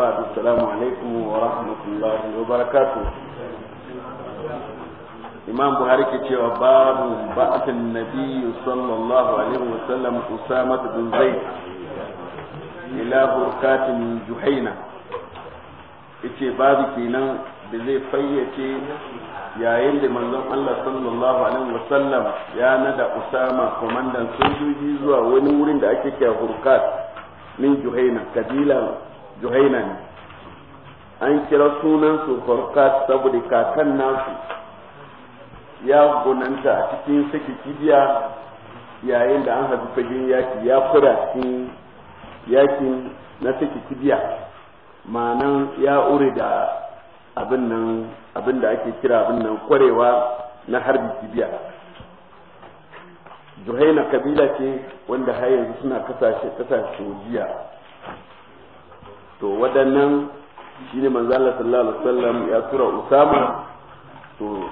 بعد السلام buhari ورحمة الله وبركاته إمام بخاري كتير باب بعث النبي صلى الله عليه وسلم أسامة بن kenan da zai fayyace yayin da manzon Allah sallallahu ya nada Usama komandan sojoji zuwa wani wurin da ake kira Hurkat min Juhaina kabila juhaina ne an kira sunan su saboda kakan nasu ya gonanta a cikin saki kibiya yayin da an haɗu fagen yaki ya kura cikin yakin na saki kibiya ma'anan ya ure da abin nan abin da ake kira abin nan kwarewa na harbi kibiya juhaina kabila ce wanda har yanzu suna kasashe kasashe jiya to waɗannan shi ne manzala sallallahu alaihi wasallam ya tura Usama to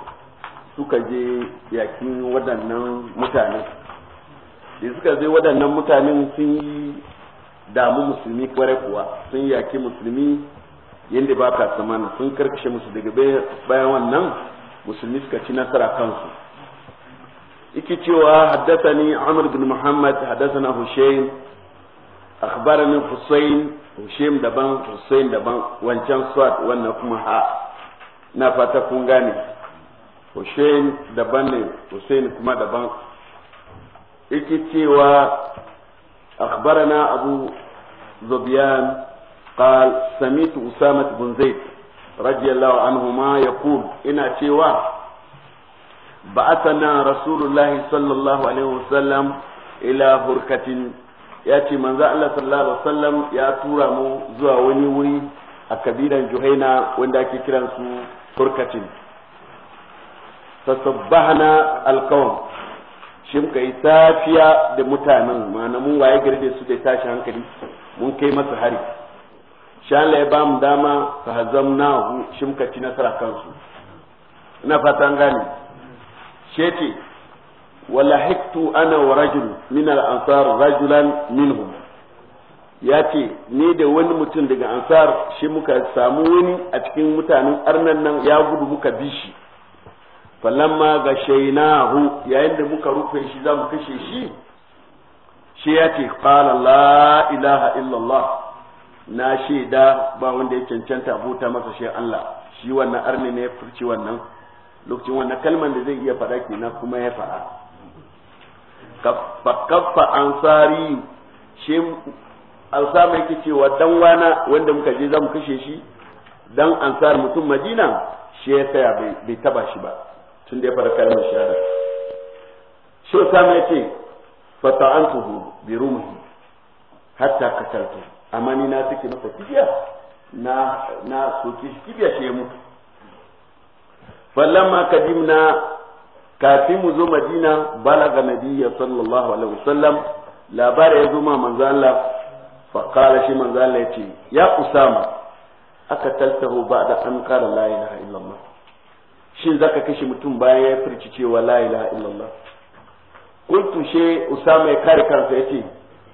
suka je yakin waɗannan mutanen da suka je waɗannan mutanen sun yi damu musulmi kware kuwa sun yaki musulmi yadda ba ka samana sun karkashe musu daga bayan wannan musulmi suka ci nasara kansu iki cewa ni amur bin Muhammad na hussain akhbarani Hussein Hushim daban Hussein daban wancan Swat wannan kuma ha na fata kun gane Hussein daban ne Hussein kuma daban yake cewa akhbarana Abu Zubyan قال سميت أسامة بن زيد رضي الله عنهما يقول ina cewa بعثنا رسول الله صلى الله عليه وسلم إلى بركة ya ce manzo Allah sallallahu alaihi wasallam ya tura mu zuwa wani wuri a kabilan Juhaina wanda ake kiran su Turkatin fasabbahna alqawm shi muka safiya da mutanen ma'ana mun waye garbe su da tashi hankali mun kai masa hari shi Allah ya ba mu dama fa hazamnahu shi muka ci nasara kansu ina fata an gane ce. ولحقت ana wa rajul min al-ansar rajulan minhum ya ce ni da wani mutum daga ansar shi muka samu wani a cikin mutanen arnan nan ya gudu muka bi shi falamma ga shainahu yayin da muka rufe shi zamu kashe shi shi ya ce qala la ilaha illallah na shaida ba wanda ya cancanta abota masa shi Allah shi wannan arni ne ya furci wannan lokacin wannan kalman da zai iya faɗa kenan kuma ya faɗa fakaffa ansari shi ansar mai yake cewa dan wana wanda muka je zamu kashe shi dan ansar mutum madina shi ya tsaya bai taba shi ba tun da ya fara kalmar shahada shi sama ya ce fata'antuhu bi rumhi hatta kataltu amma ni na take masa kibiya na na soke shi kibiya shi ya mutu kadim kadimna kafin mu zo madina balaga nabiyya sallallahu alaihi wasallam labari ya zo ma manzo Allah fa qala shi manzo Allah yace ya usama aka taltahu ba'da an qala la ilaha illallah shin zaka kashe mutum bayan ya furci cewa la ilaha illallah kuntu she usama ya kare kansa yace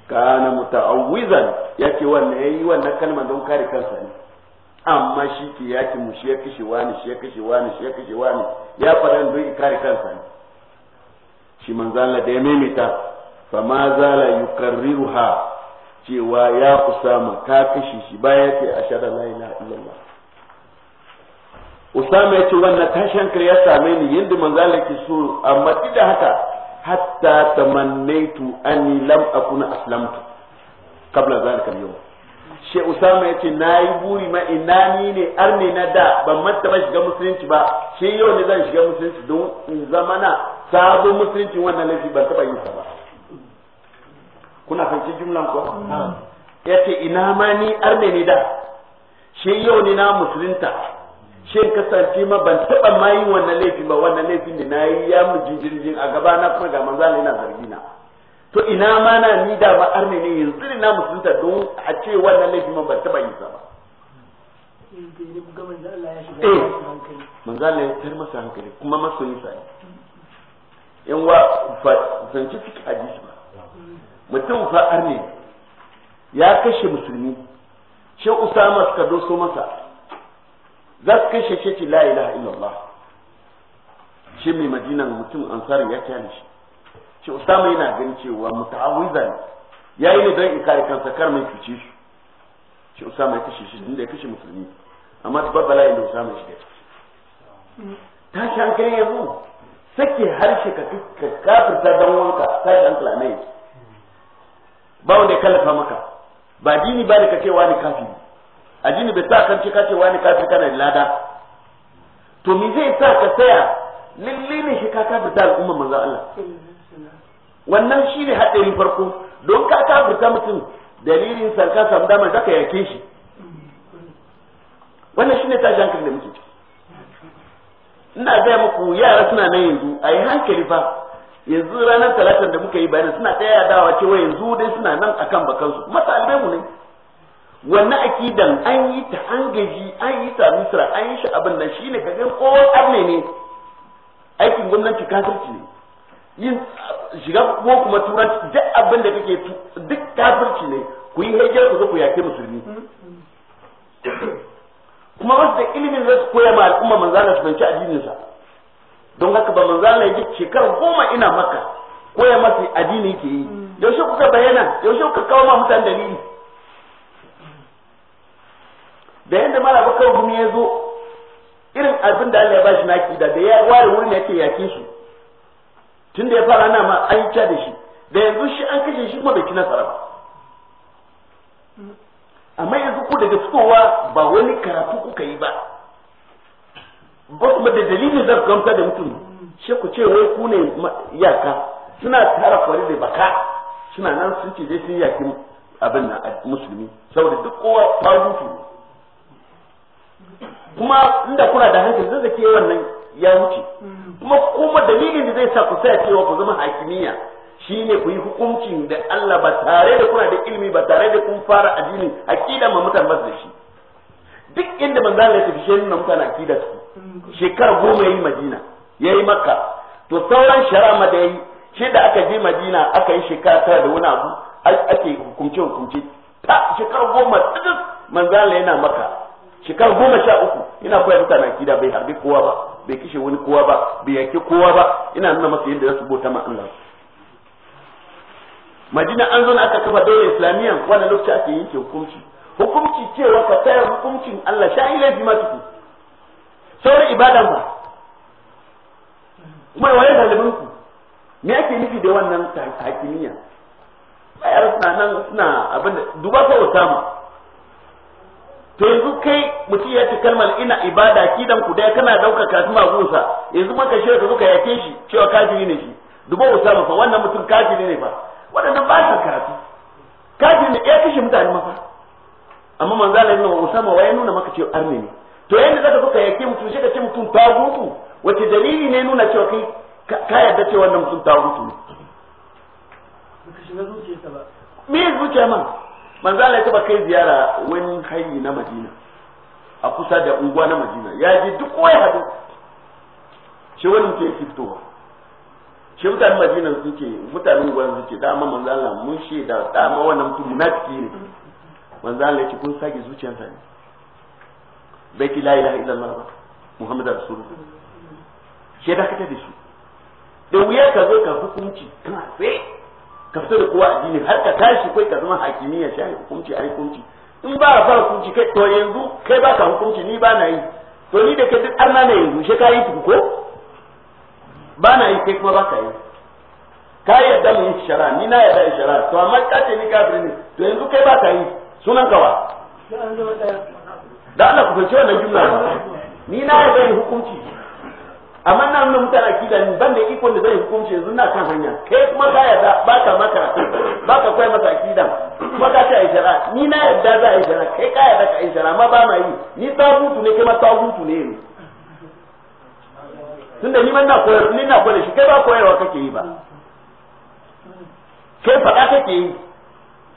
kana muta'awwizan yake wannan yayi wannan kalma don kare kansa ne amma shi ke yaki mu shi ya kashe wani shi ya kashe wani shi ya kashe wani ya faɗa don kare kansa ne shi manzala da ya maimaita fa ma zala yukarriruha cewa ya usama ka kashe shi baya ce a la ilaha illallah usama ya ce wannan tashin kare ya same ni yadda manzala ke so amma da haka hatta tamannaitu anni lam akuna aslamtu qabla zalika al-yawm she usama ya ce na yi buri ma ina ni ne arni na da ban manta ba shiga musulunci ba shi yau ne zan shiga musulunci don in zama na sabo musulunci wannan laifi ban taba yi ba kuna fanci jumlan ko ya ce ina ma ni arni ne da shi yau ne na musulunta shi kasance ma ban taba ma yin wannan laifi ba wannan laifin ne na yi ya mu jinjirjin a gaba na kuma ga manzo Allah yana zargina to ina ma na ni da ba arne ne yanzu ne na musulunta don a ce wannan laifi man ba taba yi eh, sa ba manzala ya tar masa hankali kuma masu yi sa'i yan wa zanci fiki hadisi ba mutum fa arne ya kashe musulmi shi usama suka doso masa za su kashe shi la ilaha illallah shi mai madinan mutum ansari ya kyale shi ce Usama yana ganin cewa ya yi ne don kare kansa kar mai cuce shi ce Usama ya kashe shi inda da ya kashe musulmi amma ta babbala inda Usama shi da ciki tashi kai yanzu sake harshe ka kafirta dan wanka tashi hankali ne ba wanda ya kallafa maka ba dini ba da ka ce wani kafiri a jini bai sa kan ce ka ce wani kafiri kana da lada to me zai sa ka tsaya lalle ne shi ka kafirta al'umma manzo Allah wannan shi ne haɗarin farko don ka kafirta mutum dalilin sarka samu damar da ka yake shi wannan shi ne ta hankali da muke ina gaya muku yara suna nan yanzu a yi hankali fa yanzu ranar talatin da muka yi bayan suna ɗaya dawa cewa yanzu dai suna nan akan bakansu kuma talibai mu ne wannan akidan an yi ta an gaji an yi ta misra an yi shi abin nan ne kaga ko arne ne aikin gwamnati kafirci ne yin shiga ko kuma turanci duk abin da kake duk kafirci ne ku yi hajjar ku zo ku yake musulmi kuma wasu da ilimin za su koya ma al'umma manzana su banci addininsa don haka ba manzana ya shekarar goma ina maka koya masa addini ke yi mm. yaushe kuka bayyana yaushe kuka kawo ma mutane dalili da yadda mara bakar gumi ya zo irin abin da Allah ya bashi na kida da ya ware wurin da yake yakin shi tun da ya fara ana ma an da shi da yanzu shi an kashe shi kuma bai ci nasara ba amma yanzu ku daga fitowa ba wani karatu kuka yi ba ba kuma da dalilin zan gamta da mutum shi ku ce wai ku ne yaka suna tara kwari da baka suna nan sun ce dai sun yakin abin nan musulmi saboda duk kowa farutu kuma inda kuna da hankali zai zake wannan ya wuce kuma kuma dalilin da zai sa ku saya cewa ku zama hakimiyya shine ku yi hukuncin da Allah ba tare da kuna da ilimi ba tare da kun fara addini aqida ma mutan ba shi duk inda manzo Allah ya tafi shi nuna mutan aqida su shekara goma yayi Madina yayi Makka to sauran sharama da yayi shi da aka je Madina aka yi shekara tara da wani abu ake hukunce hukunce ta shekara goma duk manzo Allah yana Makka shekar goma sha uku ina koya mutane akida bai harbi kowa ba bai kishe wani kowa ba bai yanke kowa ba ina nuna masa yadda za su bauta ma Allah Madina an zo na aka kafa daular islamiyya wannan lokaci ake yanke hukunci hukunci cewa ka tsaya hukuncin Allah sha ilaifi ma tuku sauran ibadan ba kuma waye galibin ku me ake nufi da wannan hakimiyya ayar suna nan suna abinda duba ko Osama to yanzu kai mutum ya ce kalmar ina ibada kidan ku dai kana dauka kafin magunsa yanzu maka shi ka zuka yake shi cewa kafiri ne shi dubo usama fa wannan mutum kafiri ne fa wadannan ba su karatu kafiri ne ya kashe mutane mafa amma manzo Allah yana usama wai nuna maka cewa arne ne to yanda zaka zuka yake mutum shi ka ce mutum tagutu wace dalili ne nuna cewa kai ka yarda cewa wannan mutum tagutu ne me zuciya ma manzo Allah ya taba kai ziyara wani hayi na Madina a kusa da unguwa na Madina ya ji duk wai hadu shi wani ke fitowa shi mutanen Madina suke mutanen unguwa suke dama manzo Allah mun shi da dama wannan mutum munafiki ne manzo Allah yake kun sage zuciyarsa ne bai ki la ilaha illallah ba Muhammadu Rasulullah shi da kake da shi da wuya ka zo ka hukunci kana sai ka fito da kowa addini har ka tashi kai ka zama hakimiyya ya shahi hukunci ai hukunci in ba a fara hukunci kai to yanzu kai ba ka hukunci ni ba na yi to ni da kai duk arna na yanzu shi ka yi tuku ko ba na yi kai kuma ba ka yi ka yarda mu yi shara ni na yarda shara to amma ka ce ni kafiri ne to yanzu kai ba ka yi sunan kawa da Allah ku fice wannan jumla ni na yarda hukunci amma na nuna mutane akida ni ban da ikon da zai hukunce yanzu na kan hanya kai kuma ka yarda ba ka maka ba ka koyi masa akida kuma ka ta aishara ni na yarda za a aishara kai ka yarda ka aishara amma ba ma yi ni tabutu ne kai ma tabutu ne yanzu tunda ni man na koyar ni na koyar shi kai ba koyarwa kake yi ba kai faɗa kake yi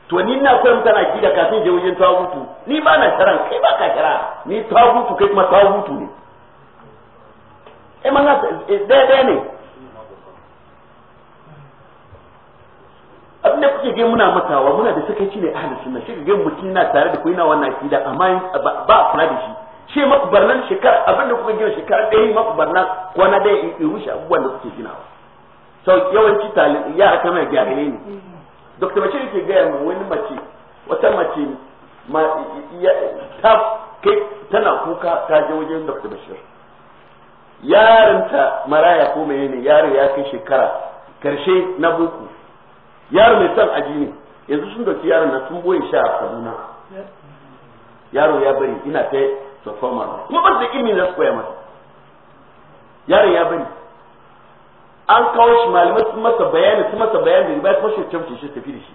to ni na koyar mutane akida kafin je wajen tabutu ni ba na sharan kai ba ka shara ni tabutu kai kuma tabutu ne eh man daya eh, daya ne abin da kuke ga muna matawa muna da sakaici ne ahli sunna shi ga mutum na tare da ku yana wannan akida amma ba a kula da shi shi maku barnan shekara abin da kuka gina shekara ɗaya yi maku barnan kwana ɗaya in rushe abubuwan da kuke ginawa so yawanci talin yara kamar gyare ne dr bashir yake gaya mu wani mace wata mace ta kai tana kuka ta je wajen dr bashir yarinta maraya ko mai ne yaro ya kai shekara karshe na boko yaro mai son aji ne yanzu sun dauki yaron na sun boye sha a kaduna yaro ya bari ina ta tsofa mara kuma ba da ilimi na koya masa yaron ya bari an kawo shi malamai sun masa bayani sun masa bayani da ba kuma shekaru ce shi tafi da shi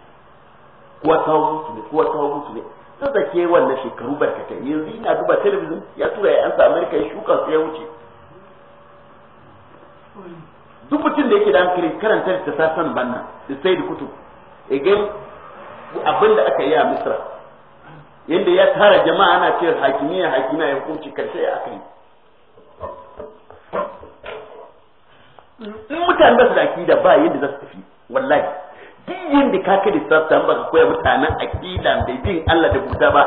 kuwa ta mutu ne kuwa ta mutu ne sun sake wannan shekaru barkatai yanzu ina duba talabijin ya tura ya yansa amerika ya shuka su ya wuce duk mutum da yake da hankali karanta ta sasan banna da sai da kutu again abin da aka yi a misra yadda ya tara jama'a ana hakimi, hakimiya hakimiya ya hukunci karshe a kai in mutane ba su da akida ba yadda za su tafi wallahi duk yadda ka kai ta ba ka koya mutanen akida bai bin Allah da buta ba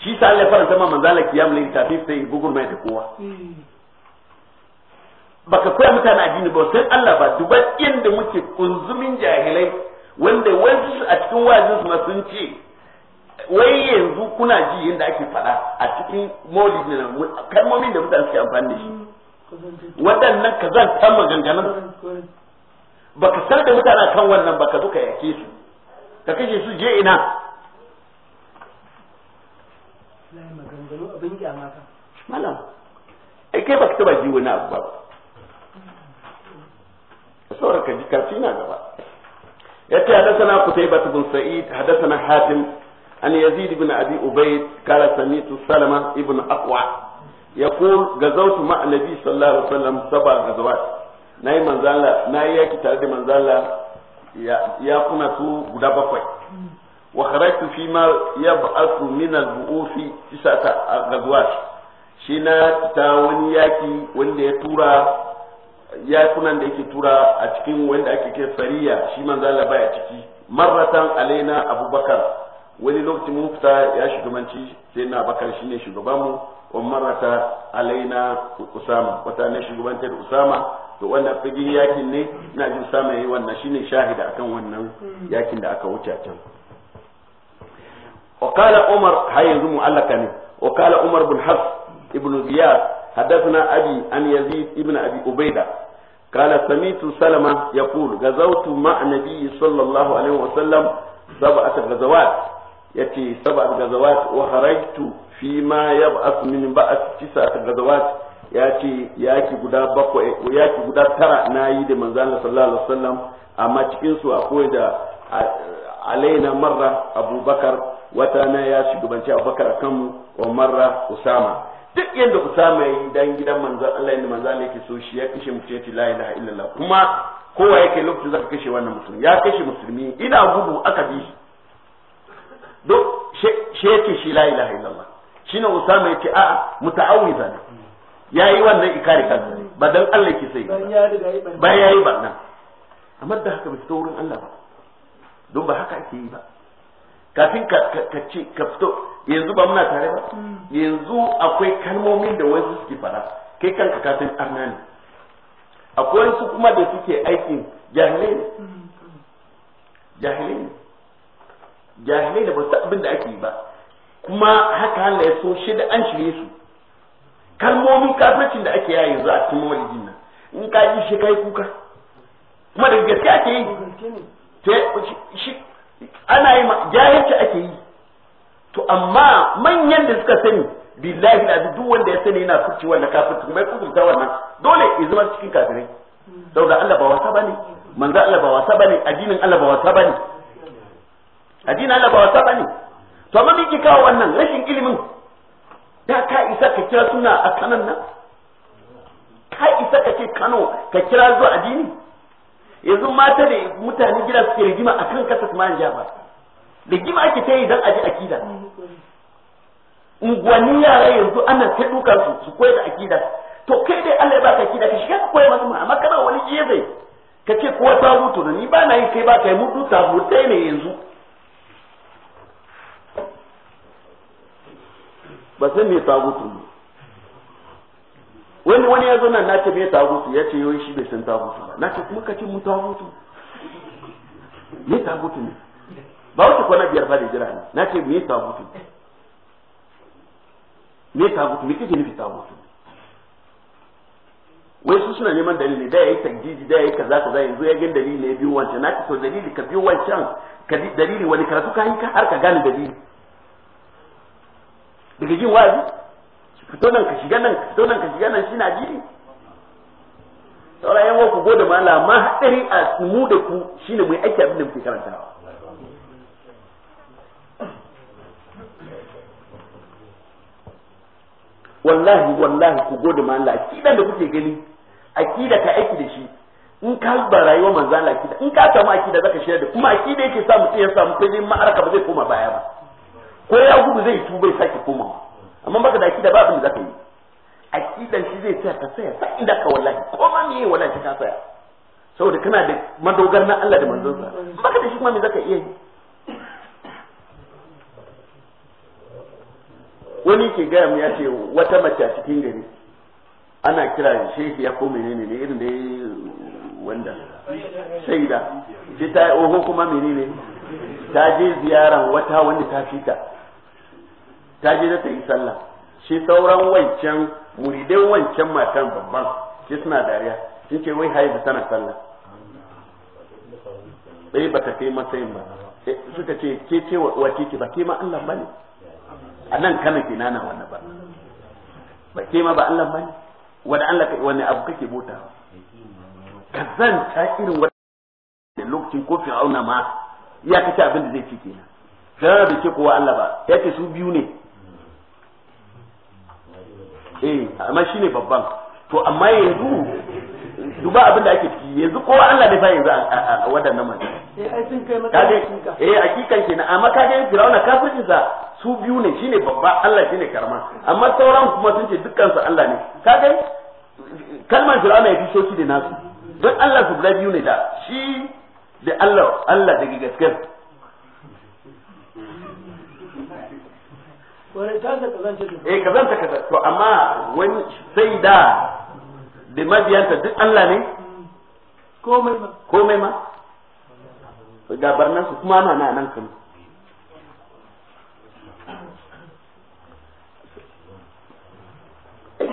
shi sa Allah ya faranta ma manzala kiyam ne tafi sai gugurma ya da kowa hmm. baka koya mutane addini ba san Allah ba duk inda muke kunzumin jahilai wanda wasu a cikin wajin su sun ce wai yanzu kuna ji yadda ake fada a cikin maulid ne kalmomin da mutane suke amfani da shi waɗannan ka zan ta maganganun baka san da mutane kan wannan baka zo ka yake su ka kashe su je ina malam ai kai baka taba ji wani abu ba saura ka ji na gaba yace hadathana qutaybah bin sa'id hadathana hatim an yazid ibn abi ubayd qala sami'tu salama ibn aqwa yaqul gazawtu ma nabi sallallahu alaihi wasallam sab'a gazawat nayi manzala nayi yaki tare da manzala ya kuna su guda bakwai wa kharajtu fi ma yab'athu min al-bu'ufi tisata gazawat shi na ta wani yaki wanda ya tura yakunan da yake tura a cikin wanda ake kai fariya shi man Allah baya ciki marratan alaina abubakar wani lokacin mun fita ya shugabanci sai na bakar shine shugabanmu wa marrata alaina usama wata ne shugabanta da usama to wanda fage yakin ne ina jin usama yayi wannan shine shahida akan wannan yakin da aka wuce can وقال mu هاي ne wa وقال Umar bin hafs ibnu ziyad حدثنا أبي عن يزيد ابن أبي أبيدة قال سميت سلمة يقول غزوت مع النبي صلى الله عليه وسلم سبعة غزوات يأتي سبعة غزوات وخرجت فيما يبعث من بعث تسعة غزوات yace ya ki guda bakwai ya guda tara na yi da manzana sallallahu alaihi wasallam amma cikin akwai da alaina marra abubakar wata na ya shugabanci abubakar akan mu wa marra usama duk yadda Usama yayi dan gidan manzo Allah yadda manzo Allah yake so shi ya kashe mutum ce la ilaha illallah kuma kowa yake lokaci zaka kashe wannan musulmi ya kashe musulmi ina gudu aka bi shi duk shi yake shi la ilaha illallah shine Usama yake a muta'awwiza ne yayi wannan ikari kan ne ba dan Allah yake sai ba yayi ba nan amma da haka bai ta wurin Allah ba don ba haka ake yi ba kafin ka ce ka fito yanzu ba muna tare ba mm. yanzu akwai kalmomin da wasu suke fara kai kanka san arna ne akwai wasu kuma da suke aikin jahilai ne mm. jahilai ne jahilai da ba su abin da ake yi ba kuma haka Allah ya so shi da an shirye su kalmomin kafircin da ake yayin za a cikin mawalidin nan in ka ji shi kai kuka kuma da gaske ake yi ana yi jahilci ake yi to amma manyan da suka sani billahi da duk wanda ya sani yana kurci wannan kafirci mai kusurta wannan dole ya zama cikin kafirai saboda Allah ba wasa bane manzo Allah ba wasa bane addinin Allah ba wasa bane addinin Allah ba wasa bane to amma miki kawo wannan rashin ilimin da ka isa ka kira suna a kanan nan ka isa ka ce Kano ka kira zuwa addini yanzu mata da mutane gida suke rigima kasa kasas ya ba rigima ake ta yi don aji akida unguwanni yara yanzu ana ta duka su su koyar da akida to kai dai Allah ya baka akida ka shiga ka koyar masu amma kana wani gefe ka ce kowa ta mutu ni ba na yi kai ba kai mutu ta mutu ne yanzu ba san me ta mutu ne wani wani ya zo nan na ce me tagutu ya ce yoyi shi bai san tagutu ba na ce kuma ka ce mu tagutu me tagutu ne ba wata kwana biyar ba da jira ne na ce me tagutu me tagutu me kake nufi tagutu wai su suna neman dalili da yayi tajjiji da yayi kaza kaza yanzu ya gani dalili ne biyu wancan na ce to dalili ka biyu wancan ka dalili wani karatu ka yi har ka gane dalili daga jin wazi. fito nan ka shiga nan ka fito nan ka shiga nan shi na jiri saurayen wa ku gode mala ma hadari a mu da ku shine mai aiki abin da muke karanta wallahi wallahi ku gode ma kidan da kuke gani akida ka aiki da shi in ka ba rayuwar manzo Allah akida in ka samu akida zaka shirya da kuma akida yake samu mutum ya samu kai ma'araka ba zai koma baya ba ko ya gudu zai tuba ya sake komawa amma baka da akida ba abin da zaka yi akidan shi zai tsaya ka tsaya sai inda ka wallahi ko ma me wallahi ka tsaya saboda kana da madogar na Allah da manzon sa baka da shi kuma me zaka iya yi wani ke gaya mu ya ce wata mace a cikin gari ana kira shehi ya ko ne ne irin da wanda shaida ce ta oho kuma menene ta je ziyaran wata wanda ta fita ta je ta yi sallah shi sauran wancan muridai wancan matan babban shi suna dariya shi ce wai haizu tana sallah bai ba ta kai matsayin ba suka ce ke ce wa ce ba ke ma Allah bane a nan kana ke nana wannan ba ba ke ma ba Allah bane wani Allah wani abu kake bota ka zan ta irin wannan lokacin ko auna ma ya kace abin da zai ci kenan kana da ke kowa Allah ba yake su biyu ne eh amma shine babban to amma yanzu duba abin da ake ciki yanzu kowa Allah ne fa yanzu a wadannan mai eh ai sun kai matakin eh hakikan na amma kage Firauna kafirci sa su biyu ne shine babba Allah shine karma amma sauran kuma sun ce dukkan su Allah ne kage kalmar Firauna ya fi soki da nasu don Allah su biyu ne da shi da Allah Allah da gaskiya eh ka zanta. to amma wani sai da da mabiyanta duk Allah ne komai ma komai ma ga nan su kuma ana nan kan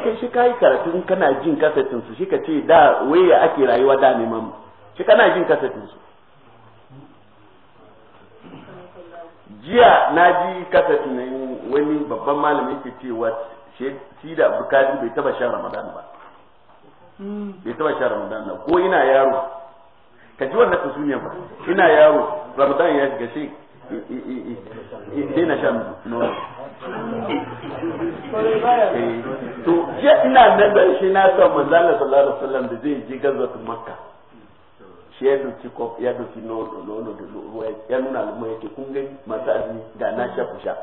kai shi ka yi karatu kana jin kasatinsu su shi ka ce da waye ake rayuwa da neman. shi kana jin kasatinsu. su jiya na ji kasafin ne wani babban malami yake cewa shi da bukari bai taba shan ramadan ba hmm. bai taba shan ramadan ba ko ina yaro ka ji wannan tasuniya ba ina yaro ramadan ya shiga shi daina shan nono eh. to jiya ina nan da shi na sa manzala sallallahu alaihi wasallam da zai je gazzatul makka shi ya doki kof ya doki nono nono da ruwa ya nuna al'umma yake kun gani masu azumi da na sha kusha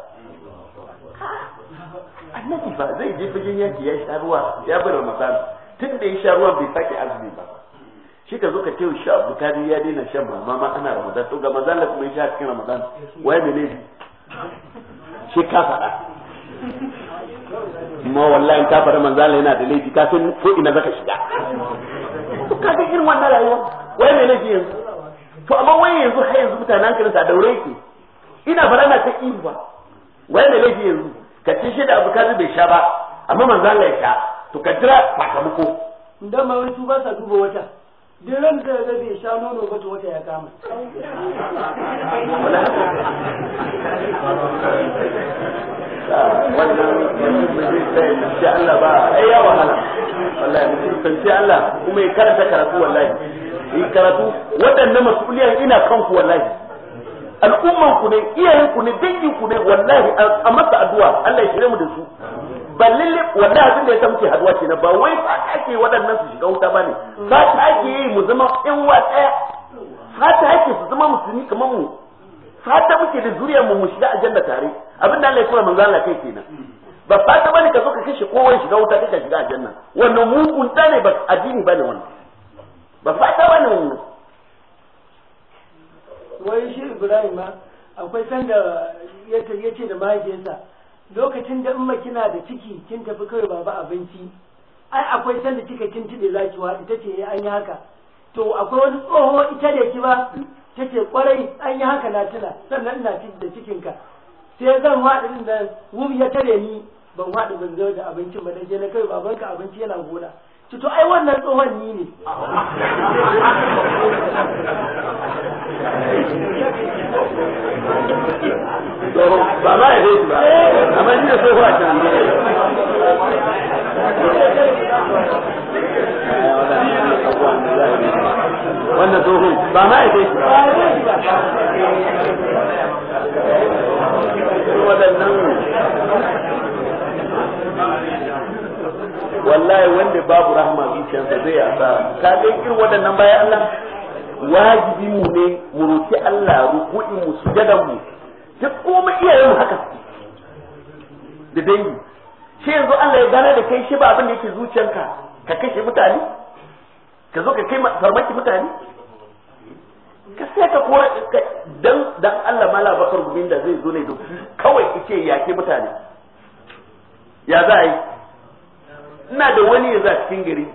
annabi ba zai je fagen yaki ya sha ruwa ya bar ramadan tun da ya sha ruwa bai sake azumi ba shi ka zo ka ce sha bukari ya daina shan mama ma ana ramadan to ga mazan da kuma ya sha cikin ramadan waye ne ne shi ka faɗa ma wallahi ka faɗa manzala yana da laifi ka san ko ina zaka shiga duk ka ga irin wannan rayuwa wai me ne yanzu to amma wai yanzu har yanzu mutanen hankalin sa daure yake ina bara na ta ihu ba wai me ne yanzu ka ci shi da abukazi bai sha ba amma manzo Allah ya sha to ka jira muku dan ma wai su ba sa duba wata duk ran da bai sha nono ba to wata ya kama wannan ba zai tsanci Allah ba ai ya wahala wallahi mutum tsanci Allah kuma ya karanta karatu wallahi yi karatu waɗannan mas'uliyar ina kanku wallahi al'umman ku ne iyayen ku ne dangin ku ne wallahi a masa addu'a Allah ya shirye mu da su ba lalle wallahi abin da ya tamke haduwa ce na ba wai fa ake waɗannan su shiga wuta bane fa ake yi mu zama ɗan wa ɗaya fa ake su zama musulmi kamar mu fa fata muke da zuriyar mu mu shiga aljanna tare abin da Allah ya kula manzo Allah kai kenan ba fata bane ka zo ka kashe wai shiga wuta kake shiga aljanna wannan mugunta ne ba addini bane wannan ba fata bane wannan wai shi Ibrahim ma akwai sanda ya ce da mahaifiyarsa lokacin da umma kina da ciki kin tafi kai baba abinci ai akwai sanda kika kin tide zaki wa ita ce eh, an yi haka to akwai wani tsoho ita da ki ba take kwarai an yi haka na tuna sannan ina da cikinka sai zan waɗi din da wum ya tare ni ban waɗi ban zo da abincin ba dan je na kai ka abinci yana gona ci to ai wannan tsohon ni ne ba ma ya ba amma ni da tsohon a can wannan tsohon ba ma ya ba waɗannan wallahi wanda babu rahama zuciyarsa zai yasa ka ga irin waɗannan bayan Allah wajibi mu ne mu roƙi Allah ruku'in mu su sujadan mu ta kuma iyayen mu haka da dangi shi yanzu Allah ya gane da kai shi ba abin da yake zuciyarka ka kashe mutane ka zo ka kai farmaki mutane ka sai ka kora dan dan Allah mala bakar gumin da zai zo ne da kawai ya yake mutane ya za yi ina da wani ya a cikin gari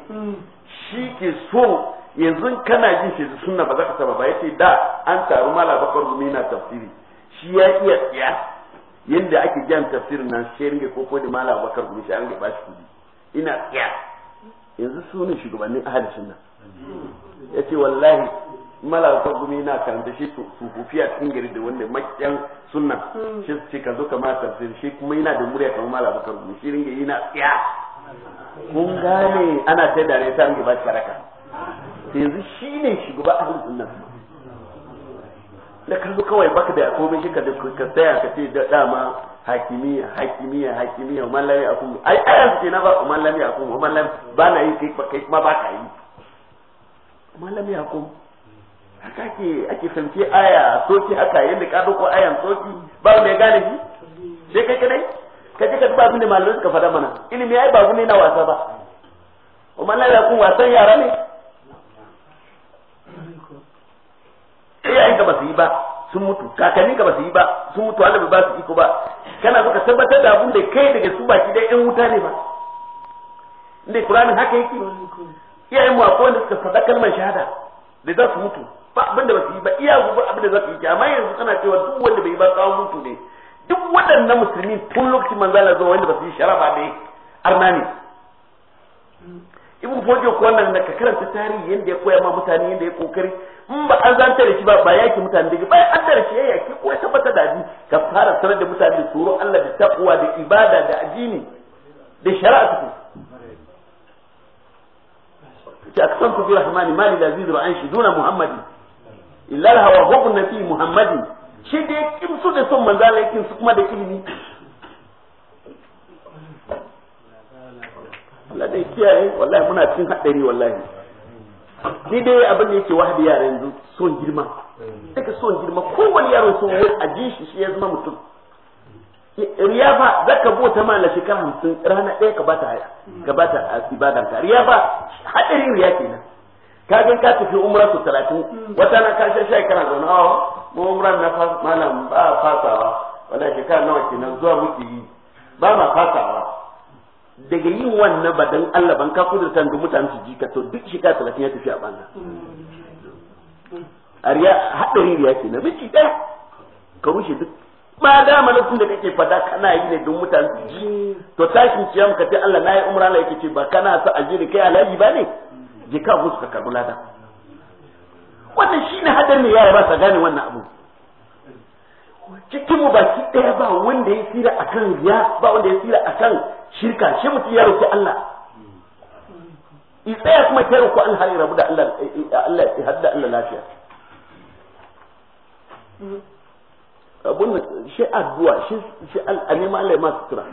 shi ke so yanzu kana jin shi sunna ba za ka saba ba yace da an taru mala bakar gumin na tafsiri shi ya iya tsiya yadda ake jan tafsirin nan sai ringe ko da mala bakar gumin shi an ga ba shi kudi ina tsiya yanzu sunan shugabannin ahalin sunna yace wallahi malaka gumi na karanta shi sufufi a cikin gari da wanda makyan sunna hmm. shi su ce ka zo kama tafsir shi kuma yana da murya kamar malam gumi shi ringa yana tsiya kun gane ana ta da rai ta ringa ba karaka yanzu shi ne shugaba ahlus sunna da ka zo kawai baka da komai shi ka ka tsaya ka ce da dama hakimiyya hakimiyya hakimiyya umman lami akum ai ayan ce na ba umman lami akum umman lami ba na yi kai kuma ba ka yi umman lami akum haka ake ake sanke aya soki haka yadda ka dauko ayan soki ba mai gane shi sai kai kadai ka je ka duba abin da malamai suka faɗa mana ilimi ai ba ne na wasa ba kuma ma ya kun wasan yara ne iyayen ka ba su yi ba sun mutu kakanni ka ba su yi ba sun mutu Allah ba su iko ba kana so ka tabbatar da abin da kai daga su baki dai yan wuta ne ba inda kuranin haka yake iyayen mu akwai wanda suka faɗa kalmar shahada da za su mutu ba abin da ba su yi ba iya ba abin da za su yi amma yanzu ana cewa duk wanda bai ba tsawon mutu ne duk waɗannan musulmi tun lokacin manzala zuwa wanda ba su yi sharaba ne arna ne ibn fojo ko wannan da ka karanta tarihi yadda ya koya ma mutane yadda ya kokari in ba an zanta da shi ba ba yaki mutane daga bayan an tare shi ya yaki ko ya tabbata da ji ka fara sanar da mutane da tsoron Allah da takwa da ibada da addini da shari'a su ta a ku bi rahmani mali da aziz an shi duna muhammadi illal hawa na fi muhammadi shi dai ya su da son manzo Allah kin su kuma da ilimi Allah dai kiyaye wallahi muna cin hadari wallahi ni dai abin da yake wahadi yara yanzu son girma take son girma kowane yaro son wani a ji shi shi ya zama mutum riyafa zaka bota ma na shekara hamsin rana ɗaya ka bata ka bata riya riyafa haɗarin riya kenan ka ka tafi umra su talatin hmm. wata na ka sha shai zaune awa mu umran na malam ba fasawa wala shekara nawa kenan zuwa muke yi ba ma fasawa daga yin wannan ba dan Allah ban ka kudurta da mutane su ji ka to duk shekara talatin ya tafi a banza hmm. a riya haɗari riya ke na miki ɗaya ka rushe duk ba dama lokacin da kake fada kana yi ne don mutane su ji hmm. to tashin ciyam ka ce Allah na yi umra la yake ce ba kana sa a jiri kai alaji ba ne jika musu ka karbi lada wannan shine hadar ne yara ba sa gane wannan abu cikin mu baki daya ba wanda ya tsira akan riya ba wanda ya tsira akan shirka shi mutum ya roki Allah i tsaya kuma ya roki Allah ya rabu da Allah Allah ya hadda Allah lafiya abun shi addu'a shi shi al'anima Allah ya ma sutura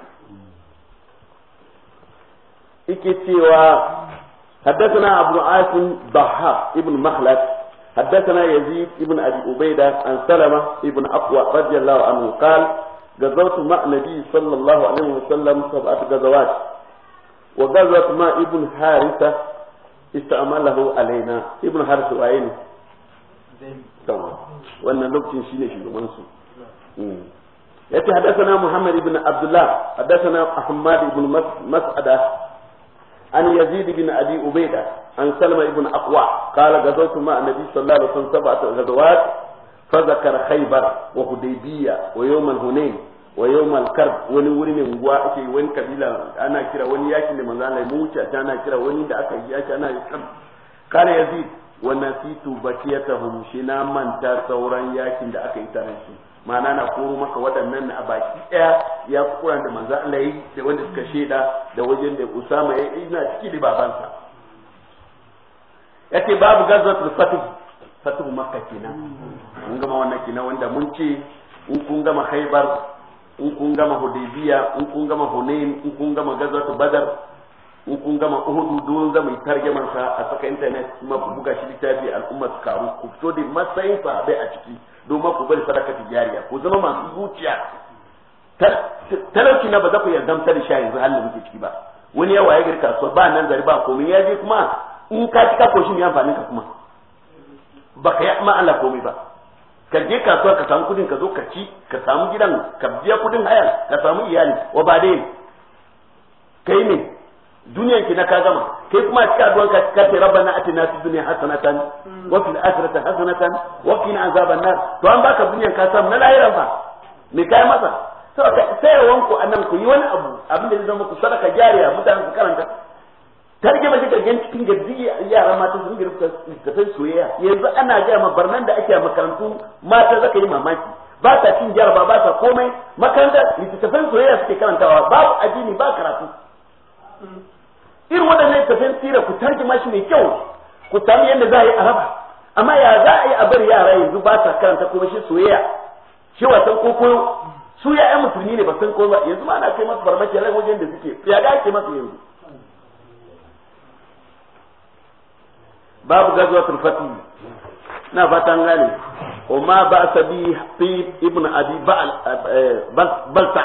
yake cewa حدثنا أبو عاصم ضحاك ابن مخلد حدثنا يزيد ابن أبي عبيدة عن سلمة ابن أقوى رضي الله عنه قال غزوت مع النبي صلى الله عليه وسلم سبعة غزوات وغزوت مع ابن حارثة استعمله علينا ابن حارثة وعينه تمام وأن لوكتين شيني في المنصب يأتي حدثنا محمد بن عبد الله حدثنا أحمد بن مسعدة عن يزيد بن ابي عبيده عن سلمة بن اقوى قال غزوت مع النبي صلى الله عليه وسلم سبعه غزوات فذكر wani wuri unguwa wani kabila ana kira wani yaki ne manzo Allah mu wuce ana kira wani da aka yi yaki ana kira kana yazid wa nasitu bakiyatahum shi na manta sauran yakin da aka yi tare shi ma'ana na koro maka waɗannan a baki ɗaya ya kuran da manzo Allah yi da wanda suka shaida da wajen da Usama ya ina ciki da babansa yace babu gazwatul fatih fatih makka kenan mun gama wannan kenan wanda mun ce in kun gama haibar in kun gama hudaybiya in kun gama hunain in kun gama gazwatul badar in kun gama uhudu don zama yi sa a saka internet kuma buga shi littafi al'ummar su karu ku fito da matsayin sa a ciki domin ku bari sadaka jariya ku zama masu zuciya talauci na ba za ku yarda mu sani sha yanzu halin muke ciki ba wani ya girka ba nan zari ba komai ya je kuma in ka ci ka koshin ya amfani ka kuma ba ka yi ma Allah komai ba ka je kasuwa ka samu kudin ka zo ka ci ka samu gidan ka biya kudin haya ka samu iyali wa ba dai kai ne duniyan ki na ka gama kai kuma a cikin addu'an ka ka ce rabbana atina fid dunya hasanatan wa fil akhirati hasanatan wa qina azaban nar to an baka duniyan ka samu na lahiran fa me kai masa sai wanku annan ku yi wani abu abin da zai zama ku sadaka jariya mutanen ku karanta targe ba kika gan cikin gardi yara mata sun girka littafin soyayya yanzu ana ga ma barnan da ake makarantu mata zaka yi mamaki ba ta cin jaraba ba ta komai makaranta littafin soyayya suke karantawa babu addini ba karatu irin waɗannan tafin tsira ku tarjima mashi mai kyau ku sami yadda za a yi a raba amma ya za a yi a bar yara yanzu ba sa karanta kuma shi soyayya shi wasan kokoyo su ya ya'yan musulmi ne ba san ko ba yanzu ma ana kai masu farmaki a wajen da suke ya ga ake masu yanzu babu gazuwa sulfati na fatan gane ba بأس به ibn abi ba'al eh, balta.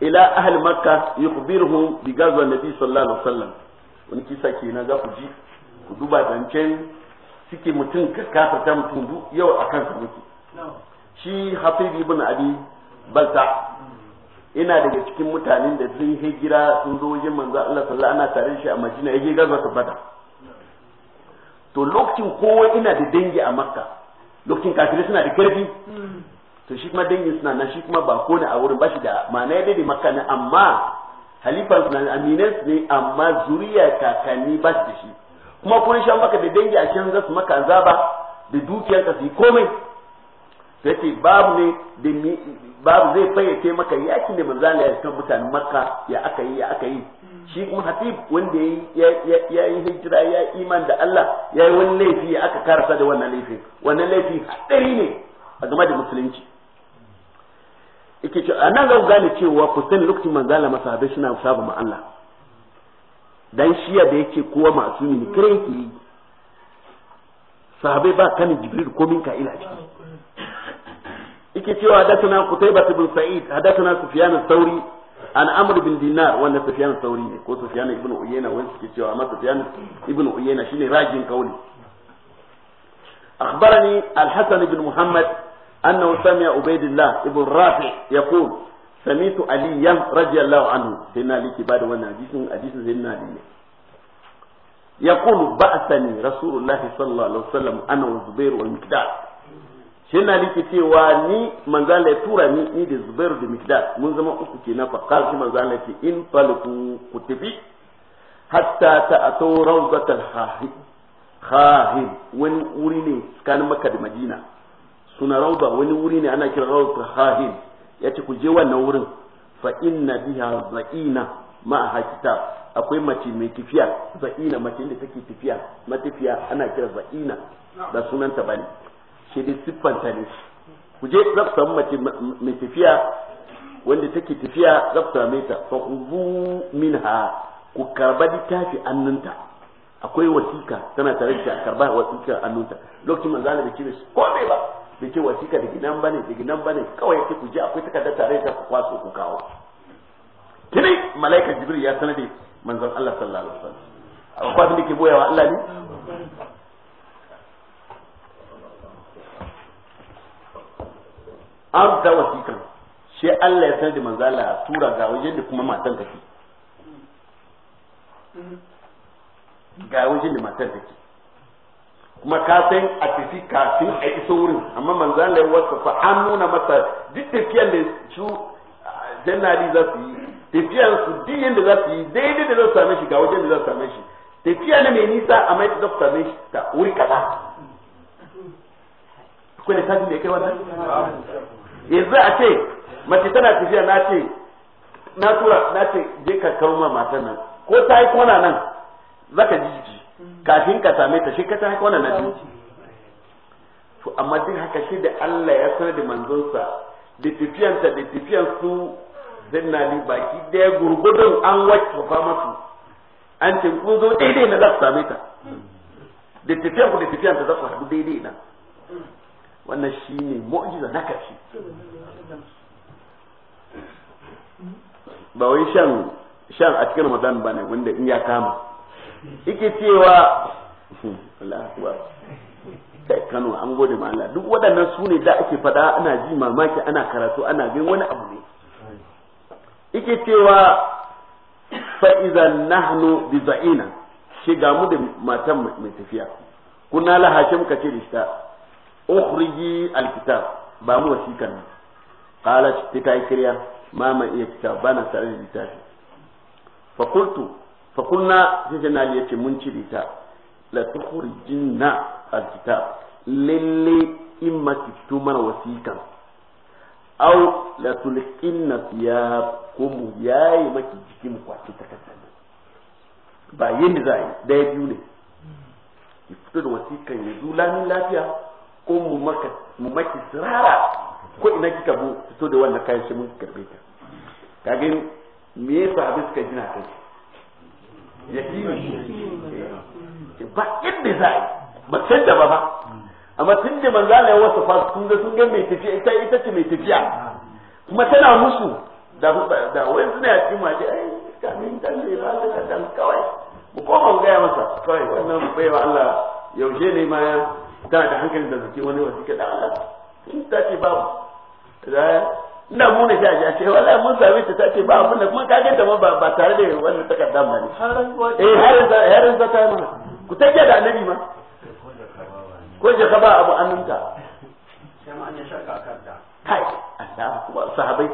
ila ahal makka yukhbiruhum bi ghazwa nabi sallallahu alaihi wasallam wani kisa kenan za ku ji ku duba zancen suke mutum ka kafata mutum yau a kansa muke shi hafiz ibn abi balta ina daga cikin mutanen da sun hijira sun zo wajen manzo Allah sallallahu ana tare shi a Madina yake gaza ta bada to lokacin kowa ina da dangi a Makka lokacin kafirai suna da karfi to shi kuma dangin suna nan shi kuma ba ko ne a wurin ba shi da ma'ana ya daidai maka ne amma halifan suna aminan su ne amma zuriya kakanni ba shi da shi kuma kun sha maka da dangi a can za su maka azaba da dukiyar ka su yi komai sai ce babu ne da babu zai fayyace maka yakin da manzo Allah ya kan mutanen maka ya aka yi ya aka yi shi kuma Hatib wanda ya yi hijira ya iman da Allah ya yi wani laifi ya aka karasa da wannan laifin wannan laifi hadari ne a game da musulunci yake ce anan ga gane cewa ku san lokacin manzo Allah masahabe suna saba ma Allah dan shiya da yake kowa masu ne kare yake yi sahabai ba kan jibril ko min ila ciki yake cewa hadathana kutayba ibn sa'id hadathana sufyan al-thawri an amr bin dinar wanda sufyan al-thawri ne ko sufyan ibn uyayna wanda yake cewa amma sufyan ibn uyayna shine rajin kauli akhbarani al-hasan ibn muhammad أنه سمع عبيد الله ابن رافع يقول سمعت عليا رضي الله عنه سيدنا علي كبار وانا حديث حديث سيدنا علي يقول بأسني رسول الله صلى الله عليه وسلم أنا وزبير والمقداد سيدنا علي كتي واني من قال لي تورا ني ني زبير دي من زمان أكو كينا فقال كما قال لي إن طلقوا كتبي حتى تأتوا روضة الخاهب خاهب وين وريني كان مكة المدينة suna rauda wani wuri ne ana kira rauda rahim ya ce ku je wannan wurin fa inna biha za'ina ma hakita akwai mace mai tafiya za'ina mace da take tafiya matafiya ana kira za'ina da sunanta bane shi dai ta ne ku je za ku mace mai tafiya wanda take tafiya za ku ta fa ubu minha ku karba littafi annunta akwai wasika tana tare da karba wasika annunta lokacin manzo da kire ko ba bai ce shika daga nan bane daga nan bane kawai yake ku je akwai takardar tare da ku kwaso ku kawo tuni malaikar jibril ya sanade manzon Allah sallallahu alaihi wasallam akwai abin da ke boyawa Allah ne an da wasikan shi Allah ya sanar da manzon Allah tura ga wajen da kuma matan take ga wajen da matan take kuma ka san a tafi kafin a iso wurin amma manzan lai wasu fa an nuna masa duk tafiyan da su jannadi za su yi tafiyan su duk yadda za su yi daidai da za su same shi ga wajen da za su same shi tafiya na mai nisa a mai ta zafi same shi ta wuri kaza akwai da tashin da ya kai wannan yanzu a ce mace tana tafiya na ce na tura na ce je ka kawo ma matan nan ko ta yi kona nan za ka ji jiki kafin ka same ta shi ka haka wannan nabi to amma din haka shi da Allah ya sanar da manzonsa da tafiyanta da tafiyan su zanna ni baki daya gurgudun an wacce masu an ce kun zo daidai na za ku same ta da tafiyan ku da tafiyan ta za ku haɗu daidai na wannan shi ne mu'jiza na kashi ba wai shan shan a cikin ramadan ba ne wanda in ya kama yake cewa Allah kai Kano an gode ma Allah duk waɗannan su ne da ake faɗa ana ji mamaki ana karatu ana bin wani abu ne yake cewa fa nahnu bi za'ina shiga mu da matan mai tafiya kuna la hakim ka ce da ukhriji alkitab ba mu wasikan nan qalat ta kai kiriya mama iya kitab bana tare da littafi fa qultu fakulna jijin ali yace mun cire ta la tukhrijinna alkitab lalle in ma kito mana wasikan au la tulqinna thiyab ko mu yayi maki jikin ku kwace ta kasa ba yin da zai da biyu ne ki fito da wasikan ya zula min lafiya ko mu maka mu maki sirara ko ina kika bu to da wannan kayan shi mun karbe ta kage me yasa abin suka jina kai ba inda za yi ba canza ba ba amma tun da manza ne wasu fa sun ga sun ga mai tafiya ita ita ce mai tafiya kuma tana musu da da wani suna yaci ma ce ai kamin dan ne ba ta dan kawai mu koma mu gaya masa kawai wannan bai wa Allah yaushe ne ma ya da hankalin da zuci wani wasu da Allah tun ta ce babu da ina mu ne jaji a ce wallahi mun same ta tace ba abin da kuma ka ganta ma ba tare da wannan takardar ma ne eh harin harin za ta mana ku ta da annabi ma ko je ka ba abu annunta sai ma an ya shaka kanta kai Allah kuma sahabbai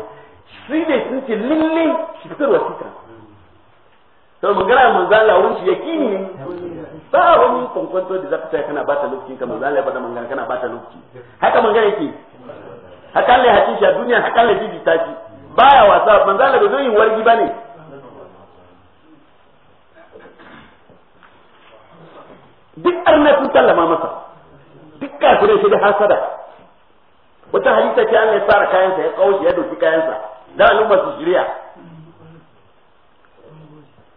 shi ne sun ce lalle shi fitar wasika to magana manzo Allah wurin shi yakini ne ba wani kwankwanto da zaka sai kana bata lokaci kamar Allah ya bada mangana kana bata lokaci haka magana yake hakalla ya a duniya hakalla ji ta shi baya wasa manzo Allah bai yin wargi bane duk arna sun sallama masa duk kafirai shi da hasada wata hadisa ce Allah ya kayansa ya kawo shi ya doki kayansa da al'umma su shirya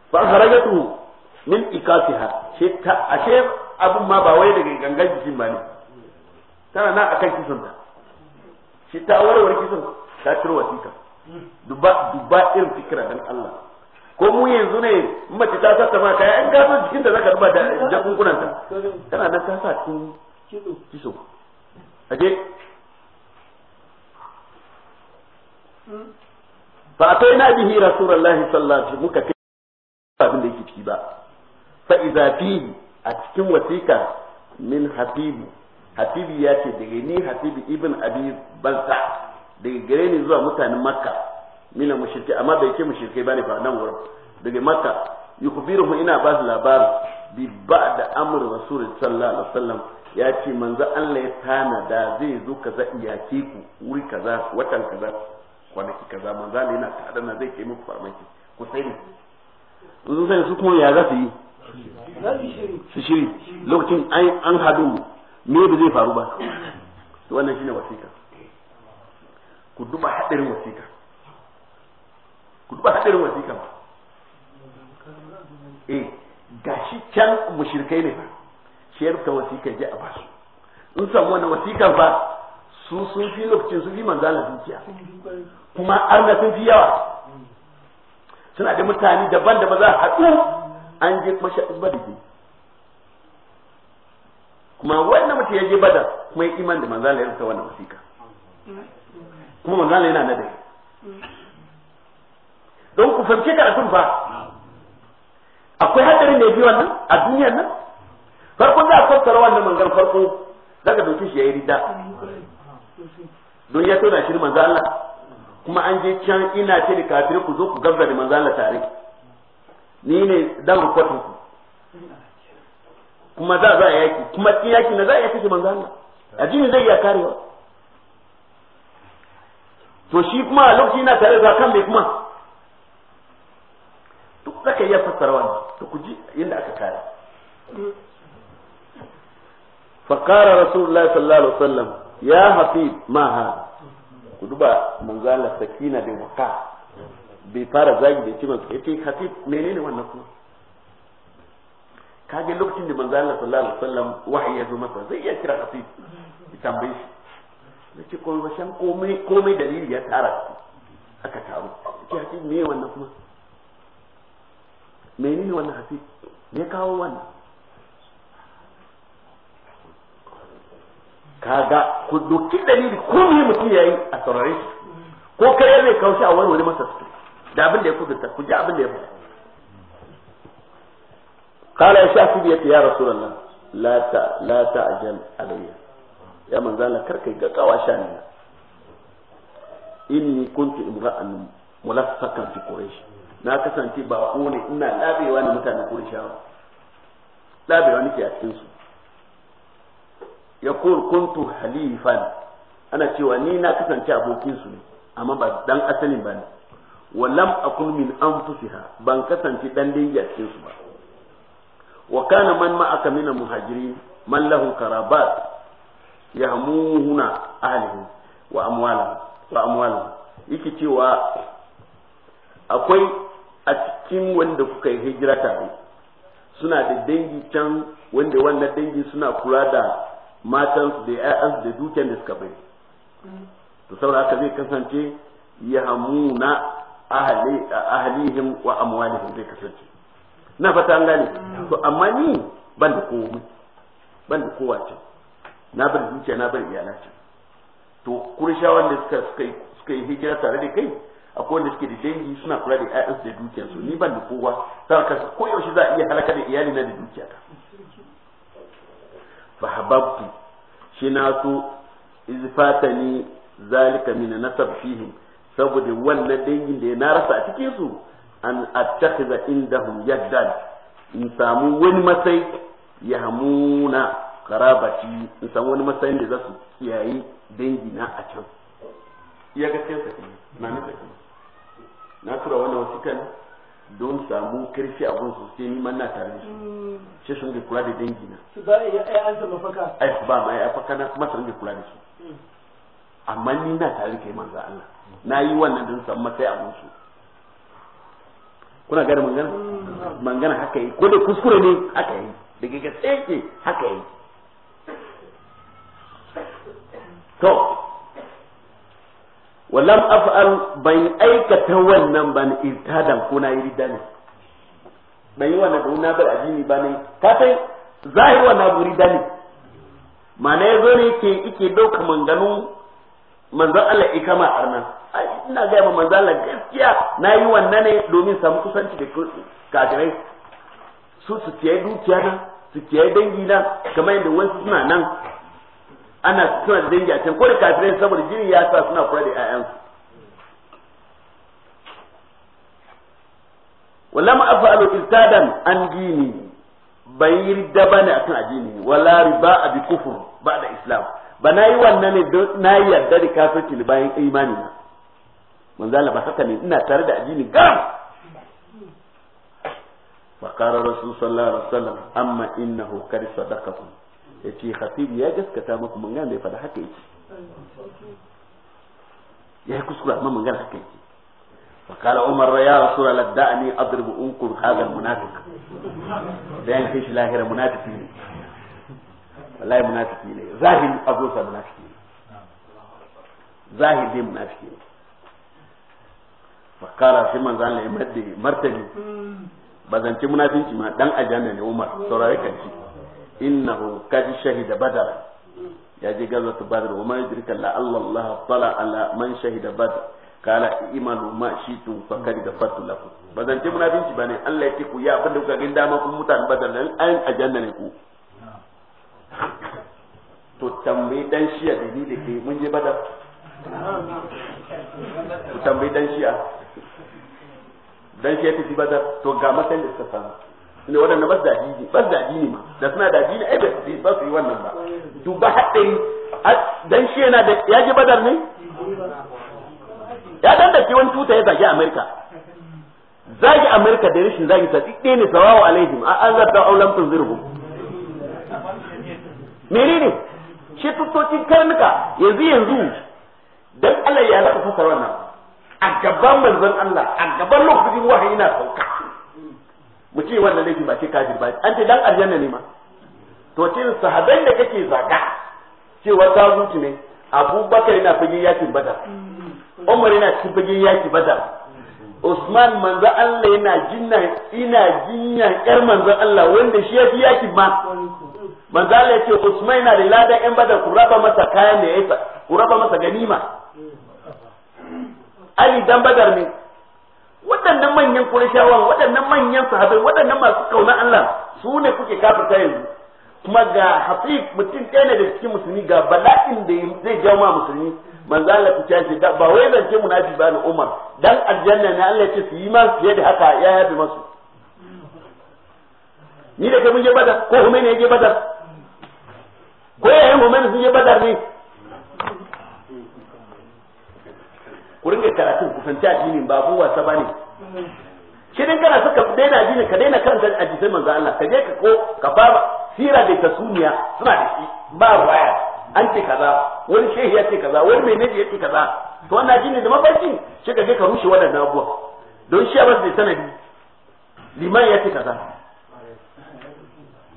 fa kharajatu min ikasiha shi ta ashe abun ma ba wai daga gangan jikin ba ne tana nan akan ta. shi ta wani kisan ta ciro wasiƙa duba irin fikira dan Allah ko mu yanzu ne mace ta sata ma kaya in gasar jikin da zaka ruba da jakunkunanta tana nan ta sa cikin kiso aje fa atai na bihi rasulullahi sallallahu alaihi wasallam muka kai abin da yake ciki ba fa idza fihi a cikin wasiƙa min habibu hatibi ya ce daga ni hatibi ibn abi balta daga gare ni zuwa mutanen makka mina mushirke amma bai ce mushrike bane fa nan wurin daga makka yukhbiruhu ina ba su labarin bi ba'da amr rasul sallallahu alaihi wasallam ya ce manzo Allah ya tana da zai zo kaza ke ku wuri kaza watan kaza kwanaki kaza manzo Allah yana tada na zai kai muku farmaki ku sai ni sun sai su kuma ya za su yi su shiri lokacin an hadu me ba zai faru ba to wannan shine wasiƙa ku duba hadarin wasiƙa ku duba hadarin wasiƙa ba eh gashi can mushirkai ne ba shi ya rubuta wasiƙa je a su in samu wannan wasiƙar ba su sun fi lokacin su fi manzana dukiya kuma arna sun fi yawa suna da mutane daban da ba za a haɗu an je kuma shi ba da kuma wannan mutum ya je badar kuma ya iman da manzala ya rubuta wannan wasiƙa kuma manzala yana nadari don ku ka karatun fa akwai hadarin da ya bi wannan a duniyar nan farkon za a fassara wannan mangar farko za ka dauki shi ya yi rida don ya tona shi manzala kuma an je can ina ce da kafirai ku zo ku gabza da manzala tare ni ne dan rukwatun ku kuma za za yaki kuma cikin yaki na za a kashe manzo Allah addini zai iya karewa to shi kuma a lokaci yana tare da kan bai kuma duk zaka iya fassara wani to ku ji yadda aka kare fakara rasulullahi sallallahu alaihi wasallam ya ma maha ku duba manzo Allah sakina da waka bai fara zagi da cimar ya ce hafi menene wannan kuma kage lokacin da manzo Allah sallallahu alaihi wasallam wahayi ya zo masa zai iya kira hafiz ya tambaye shi yace ko san komai komai dalili ya tara aka taru yace hafi me wannan kuma menene wannan hafi me kawo wannan kaga ku doki dalili ko me mutum yayi a saurare ko kai ne kawo shi a wani wani masa da abin da ya kudurta ku ji abin da ya faɗa قال يا شاكب يا رسول الله لا تا لا تعجل علي يا من زال كركي غقاوا شاني إني كنت امرأ ملفقا في قريش na kasance ba ne ina labewa ne mutanen Qurayshawa labewa nake a cikin su ya kun kuntu halifan ana cewa ni na kasance abokin su ne amma ba dan asalin ba ne wa lam akun min anfusiha ban kasance dan dangi a cikin su ba wa kana man ma'aka min muhajirin man lahu karabat yahmuhuna ahlihi wa amwalahu wa amwalahu yake cewa akwai a cikin wanda kuka yi hijira tare suna da dangi can wanda wannan dangi suna kula da matansu da 'ya'yansu da dukiyar da suka bai to saboda haka zai kasance yahmuna ahlihim wa amwalihim zai kasance na fata an gane to amma ni ban da komai ban da kowa can na bar zuciya na bar iyala can to kurshawan da suka suka yi hijira tare da kai akwai wanda suke da dangi suna kula da ƴaƴansu da dukiyarsu ni ban da kowa sai ka ko yaushe za a iya halaka da iyali na da dukiya ta? fa hababtu shi na so izfatani zalika min nasab fihim saboda wannan dangin da na rasa a cikin su an attakhidha indahum yaddan in samu wani masai ya hamuna karabati in samu wani masai da za su kiyaye dangi na a can Ya ga sa kenan na ne kenan na tura wannan wasika ne don samu karfi a gun sosai ni man na tare da su hmm. shi sun ga kula da dangi na su ba ya ai an zama faka ai ba ma ai faka na kuma sun ga kula da su hmm. amma ni na tare kai manzo Allah na yi wannan don samu masai a gun su kuna gane mangana mangana haka yi ko da kuskure ne haka yi da ga tsake haka yi to walam af'al ban aikata wannan ban irtadan ko na yi ridani ban yi wannan don na bar addini ba ne ka sai zahiri wannan abu ridani ma'ana ya zo ne ke ike dauka manganu manzon Allah ya kama arnan ina ga ma manzon Allah gaskiya nayi wannan ne domin samu kusanci da kafirai su su tiye dukiya su tiye dangi na kamar yadda wasu suna nan ana suna da dangi a can ko da kafirai saboda jini ya sa suna kula da ƴaƴansu ولم أفعل إرتادا عن ديني بين دبني ba a bi kufur ba da islam. ba na yi wannan ne don na yarda da kafirci bayan imani na manzala ba haka ne ina tare da addini gam fa qala rasul sallallahu alaihi wasallam amma innahu qad sadaqatu yace khatib ya gaskata muku mun gane fa da haka yake ya kuskura amma mun gane haka yake فقال عمر يا رسول الله دعني اضرب انكم هذا المنافق ده ينكش lahira منافقين wallahi munafiki ne zahiri abusa munafiki ne zahiri munafiki ne fakara sai manzo Allah ya madde martani bazance munafinci ma dan ajanna ne Umar saurare kan ci innahu kad shahida badara ya ji gazatu badar wa ma yudrika la Allah Allah tala ala man shahida badar kala imalu ma shitu fakari da fatu lafu bazance munafinci bane Allah ya ce ku ya abinda kuka gin dama kun mutan badar nan an ajanna ne ku to tambayi dan shiya da ni da ke mun je bada To tambayi dan shiya dan shiya ji bada to ga matan da suka samu ne wadanda ba su daji ne ba su daji ne ma da suna daji ne ai ba su yi wannan ba duba haɗari dan shi yana da ya ji badar ne ya dan da ke wani tuta ya zagi amerika zagi amerika da rashin zagi ta ɗaya ne sawawa alaihim an zarta aulan tunzirhum menene shi tuttocin karnuka yanzu yanzu dan Allah ya zaka fasa wannan a gaban manzon Allah a gaban lokacin wahayi na sauka mu ce wannan laifi ba ce kafir ba an ce dan aljanna ne ma to cin sahaban da kake ce cewa ta zuci ne abubakar yana fage yakin badar umar yana cikin fagen yaki badar usman manzo Allah yana jinna ina jinya yar manzo Allah wanda shi ya fi yakin ma manzala ya ce usman na da ladan yan badar ku raba masa kayan da ya yi ku raba masa ganima ali dan badar ne waɗannan manyan kurashawan waɗannan manyan sahabai waɗannan masu kauna Allah su ne kuke kafirta yanzu kuma ga hafiz mutum ɗaya ne da cikin musulmi ga bala'in da zai jawo ma musulmi manzala ku ce ba wai zance munafi ba ne Umar dan aljanna ne Allah ce su yi ma fiye da haka ya yafi masu ni da kai mun je badar ko Humaini ya je badar ko ya yi homer sun je badar ne ku ringa karatun ku fanci addinin ba abun wasa ba ne shi din kana suka daina addini ka daina karanta jisai manzo Allah ka je ka ko ka fara sira da suniya suna da shi ba waya an ce kaza wani shehi ya ce kaza wani mai naji ya ce kaza to wannan addini da mafarki shi ka je ka rushe waɗannan abubuwa don shi ba su da sanadi liman ya ce kaza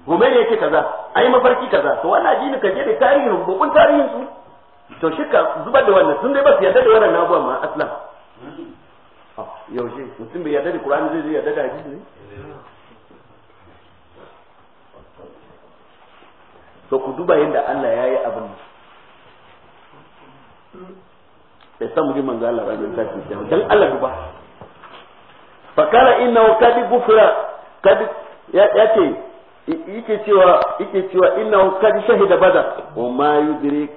gome ne yake kaza ai mafarki kaza to wannan addini ka je da tarihin rubutun tarihin su to shika zubar da wannan sun dai ba su yarda da wannan abubuwan ma aslan ah, yaushe mutum bai yarda da qur'ani zai zai yarda da hadisi ne to ku duba yadda Allah ya yi abin ya mu ji manzo Allah ba zai tafi da dan Allah duba fa kana innahu kad gufra kad ya ce yake cewa yake cewa innahu kad shahida badar wa ma yudrik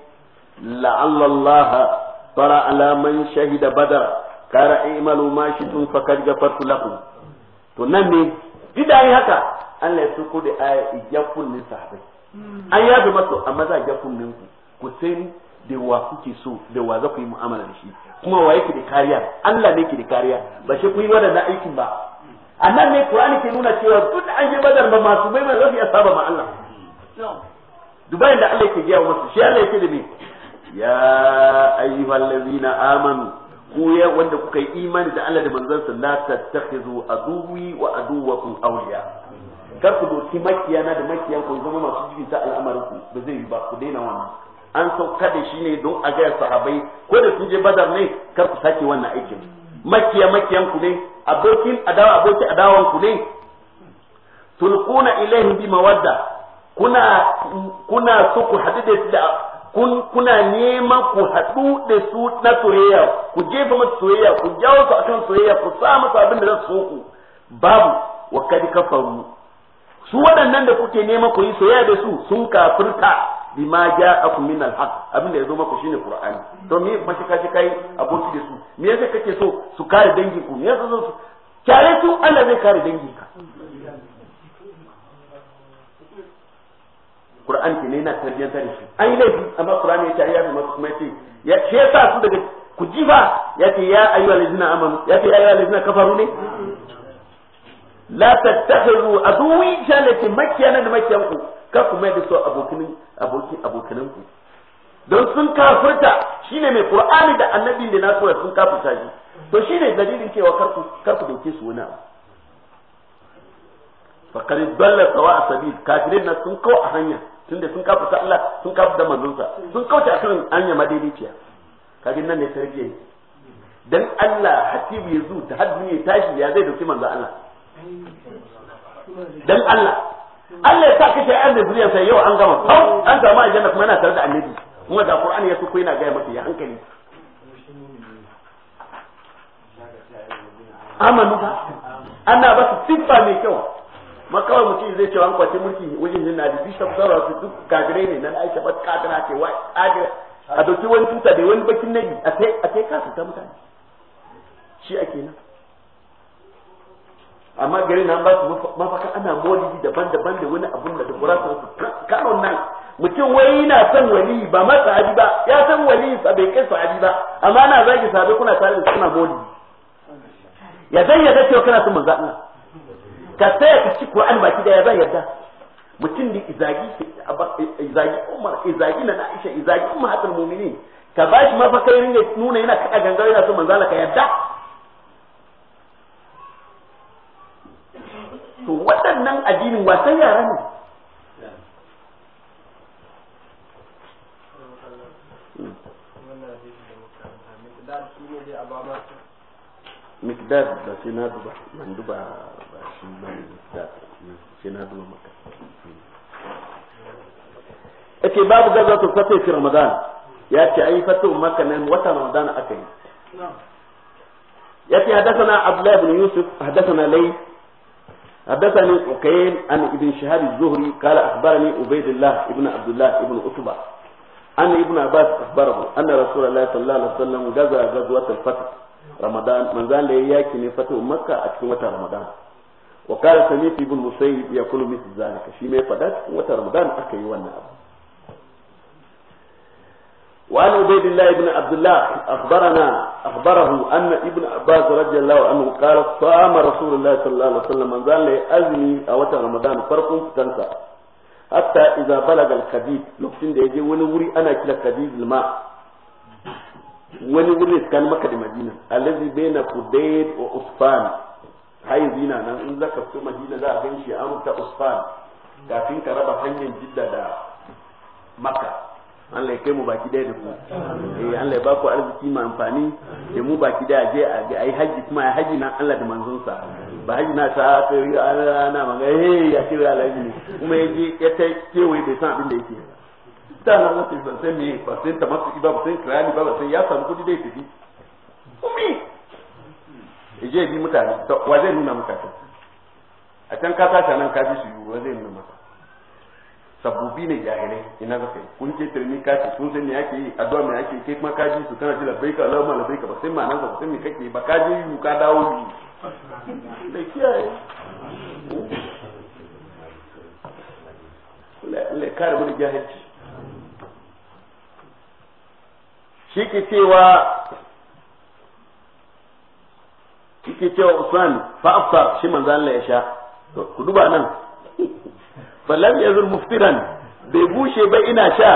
la Allah tara ala man shahida badar kara imalu ma fa fakad gafartu lakum to nan ne bidai haka Allah ya suko da aya ijafun ne sahabai an yabi masu amma za a jafun ne ku sai da wa kuke so da wa za ku yi mu'amala da shi kuma wa yake da kariya Allah ne yake da kariya ba shi ku yi wadannan aikin ba annan ne qur'ani ke nuna cewa duk an je bazar ba masu bai mai zafi asaba ma Allah dubai da Allah yake ga masu shi Allah yake da me ya ladina amanu ku ya wanda kuka yi imani da Allah da sa la tattakhizu aduwi wa aduwakum awliya kar ku doki makiyana da makiyan ku zama masu ta al'amarin ku ba zai yi ba ku daina wannan an sauka da shi ne don a ga sahabbai ko da sun je bazar ne kar ku sake wannan aikin makiya makiyan ku ne abokin adawa abokin adawan ku ne tulquna ilaihim bi mawadda kuna kuna su ku hadu da kun kuna neman ku hadu da su na soyayya ku jefa musu soyayya ku jawo su akan soyayya ku sa musu abin da za su so ku babu wa kad kafaru su waɗannan da kuke neman ku yi soyayya da su sun kafirta bima aku min al-haq abin da yazo maku shine qur'ani to me kuma shi kashi kai aboki da su me yasa kake so su kare dangin ku me yasa so kare su Allah zai kare dangin ka qur'ani ke ne yana tarbiyyar da shi ai yi amma qur'ani ya ce ya kuma yace ya ce sa su daga ku ji ya yace ya ayyuhal ladina amanu yace ya ayyuhal ladina kafaru ne la tattakhidhu aduwi shalati makkiyana da makkiyanku ka kuma da so abokin abokin abokananku don sun kafirta shine mai qur'ani da annabin da na koya sun kafirta shi to shine dalilin cewa karku karku dauke su wani abu fakar dalla sawa asabil kafirin nan sun kawo a hanya tunda sun kafirta Allah sun kafirta manzonsa sun kauce akan hanya madaidaiciya kaga nan ne tarbiyya dan Allah hatibu yazu da haddi ne tashi ya zai doki manzo Allah dan Allah Allah ya sa kashe a da zuriyar sai yau an gama hau an samu aljanna kuma yana tare da annabi kuma da Qur'ani ya na yana ga masa ya hankali amanu ba ana ba su siffa mai kyau makawar mutum zai cewa an kwace mulki wajen yin na da bishop sarwa su duk ne nan aisha ba wa a doki wani tuta da wani bakin nabi a sai kasu ta mutane shi ake amma gari nan ba su mafaka ana maulidi daban-daban da wani abun da dubura su kanon nan mutum wai na san wali ba ma sahabi ba ya san wali sa bai kai sahabi ba amma na zagi sahabi kuna tare da suna maulidi ya zan yarda cewa kana son manzo Allah ka saya ka ci Qur'an baki da ya zan yarda mutum da izagi izagi Umar izagi na Aisha izagi Ummatul Mu'minin ka bashi mafaka ringa nuna yana kada gangare yana son manzo Allah ka yarda to waɗannan addinin wasan yara ne mikdar da sai na duba man duba ba shi ba mikdad sai na duba maka ake babu gaza to fata fi ramadan ya ce ai fata maka nan wata ramadan aka yi ya ce hadasana abdullahi ibn yusuf hadasana lai حدثني عقيل عن ابن شهاب الزهري قال اخبرني عبيد الله ابن عبد الله ابن عتبة ان ابن عباس اخبره ان رسول الله صلى الله عليه وسلم غزا غزوة الفتح رمضان من زال ياكي من فتح مكة اكثر وتر رمضان وقال سميت ابن مسيب يقول مثل ذلك شيء ما يفدات وتر رمضان اكي وانا وعن عبيد الله بن عبد الله أخبرنا أخبره أن ابن عباس رضي الله عنه قال صام رسول الله صلى الله عليه وسلم من ذا لأزمي أو رمضان فرق تنسى حتى بلغ لوكسين wani wuri ana kira kadid ma wani wuri tsakanin maka da madina allazi baina qudayd wa usfan hayi zina nan in zaka fito madina za a gan shi an ta usfan kafin ka raba hanyar jidda da maka. Allah ya kai mu baki daya da ku eh Allah ya ba ku arziki mai amfani da mu baki daya je a ai haji kuma ai haji na Allah da manzon sa ba haji na ta sai yi ana manga eh ya ce alaji kuma ya je ya ta kewaye bai san abin da yake ta na wata ban san me ba sai ta masu ba sai ni ba sai ya samu kudi dai tafi umi je bi mutane wa zai nuna mutane a can ka tashi nan ka fi su yi wa zai nuna mutane sabubi ne jahilai ina zaka yi kun ce turmi ka ce sun san me ake yi addu'a me yake kai kuma ka ji su kana ji labbaika allahumma labbaika ba sai ma nan ba sai me kake ba ka je yi ka dawo yi da kiyaye le le kare mu da jahilci shi ke cewa shi ke cewa Usman fa afsar shi manzo Allah ya sha ku duba nan falam yazur muftiran bai bushe ba ina sha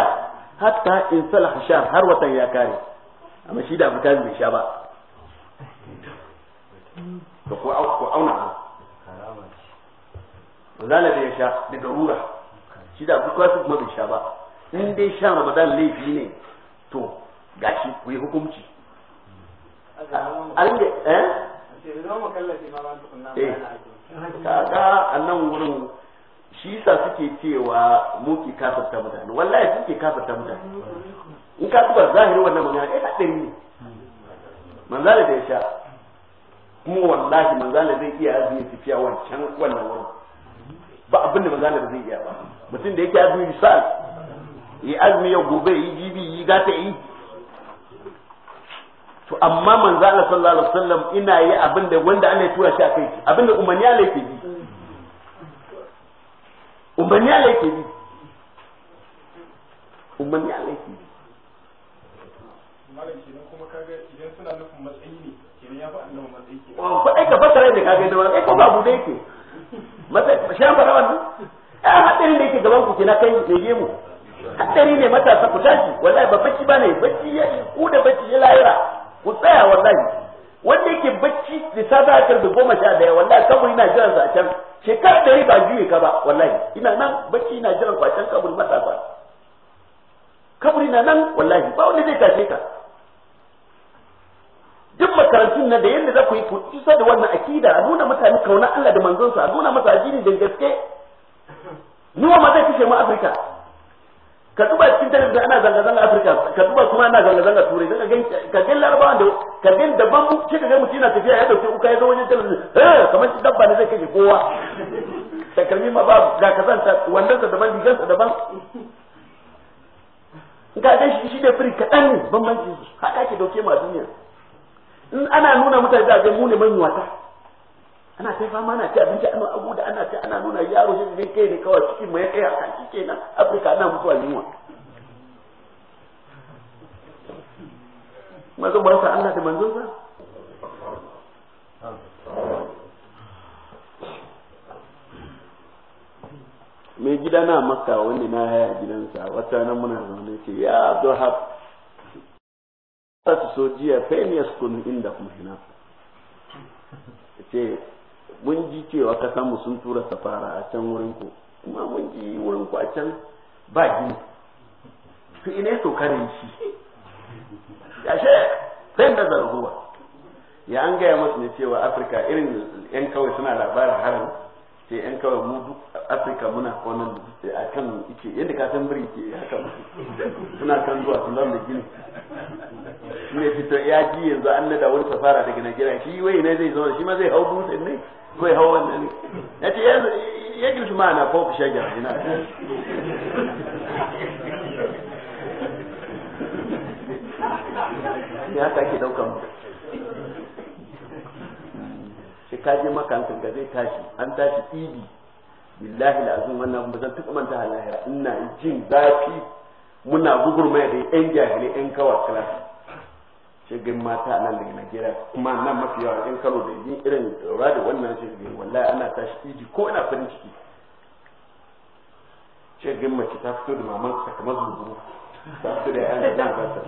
hatta in salaha sha har watan ya kare amma shi da abuta bai sha ba da ko auna ba zala da ya sha da darura shi da abuta kuma bai sha ba in dai sha ramadan laifi ne to gashi ku yi hukunci alin da eh? Ka eh, ga a nan wurin shi yasa suke cewa muke kafirta mutane wallahi suke kafirta mutane in ka tuba zahiri wannan magana eh dare ne manzala da yasha sha kuma wallahi manzala zai iya azumi tafiya wancan wannan wurin ba abin da manzala ba zai iya ba mutum da yake azumi misal yi azumi ya gobe yi jibi yi gata yi to amma manzala sallallahu alaihi wasallam ina yi abin da wanda Allah ya tura shi akai abin da umarni Allah yake bi umarni Allah yake bi umarni Allah yake bi malam kenan kuma kaga idan suna nufin matsayi ne kenan ya fi annabi matsayi ke ko ai ka fasara ne kaga da wani ko ba bude yake matsayi shan fara wannan ai hadari ne yake gaban ku kenan kai ne gemu hadari ne matasa ku tashi wallahi ba bacci bane bacci ya ku da bacci ya lahira ku tsaya wallahi wanda yake bacci da sabatar da goma sha daya wallahi saboda ina jiran sa a can shekara da yi ba juye ka ba wallahi ina nan bacci ina jiran kwacen kaburi matasa kaburi na nan wallahi ba wani zai tashe ka duk makarantun na da yadda za ku yi ku isa da wannan akida a nuna mutane kauna Allah da manzonsa a nuna masa addini da gaske ni wa ma zai kashe mu Afirka ka duba cikin talabijin ana zanga-zanga afirka ka duba kuma ana zanga-zanga turai ka gan ka gan larabawa da ka gan daban mu ce ka ga mutum yana tafiya ya dauke uka ya zo wajen talabijin eh kamar shi dabba ne zai kashe kowa takalmi ma ba ga kazanta wannan sa daban rigansa daban ga dan shi shi da firi kaɗan ne bambanci haka ake dauke ma duniya in ana nuna mutane da ga mu ne wata. ana ta fama na ci abinci ana abu da ana ci ana nuna yaro shi zai kai ne kawai cikin mai kai a kan shi kenan afirka ana mutuwa yunwa mazan ba sa Allah da manzon sa mai gida na maka wanda na haya gidansa wata nan muna zaune ce ya abdulhab za su so jiya fa in yaskunu inda kuma hina ce mun ji cewa ka samu sun tura safara a can wurin ku kuma mun ji wurin ku a can ba gini su ina to karin shi ashe sai da zarguwa ya an gaya masu ne cewa afirka irin yan kawai suna labarin harin sai yan kawai mu duk afirka muna kwanan a kan ike yadda ka san biri ke haka suna kan zuwa sudan da gini shi ne fito ya ji yanzu an nada wani safara daga najeriya shi wai ne zai zama shi ma zai hau dutsen ne zai hau wannan ne ya ce ya su ma na kofi shagar ina ya sake daukan mu sai ka je maka hankalinka zai tashi an tashi ibi billahi azum wannan ba zan taɓa manta lahira ina jin zafi muna gugurma da yan jahilai yan kawa ce shigin mata nan daga Najeriya kuma nan mafi yawa yan kalo da yin irin tsora da wannan shigin wallahi ana tashi iji ko ina farin ciki shigin mace ta fito da maman ta kamar zuzuru ta fito da yan da nan ta